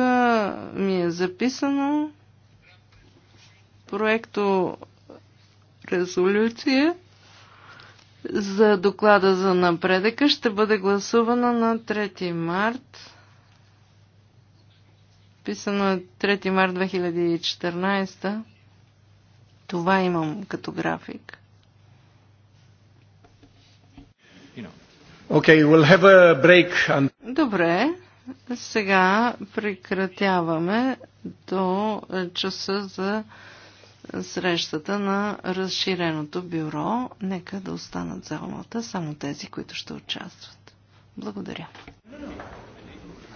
E: ми е записано проекто резолюция за доклада за напредъка ще бъде гласувана на 3 март. Писано е 3 март 2014. Това имам като график.
B: Okay, we'll have a break and...
E: Добре, сега прекратяваме до часа за срещата на разширеното бюро. Нека да останат залната само тези, които ще участват. Благодаря.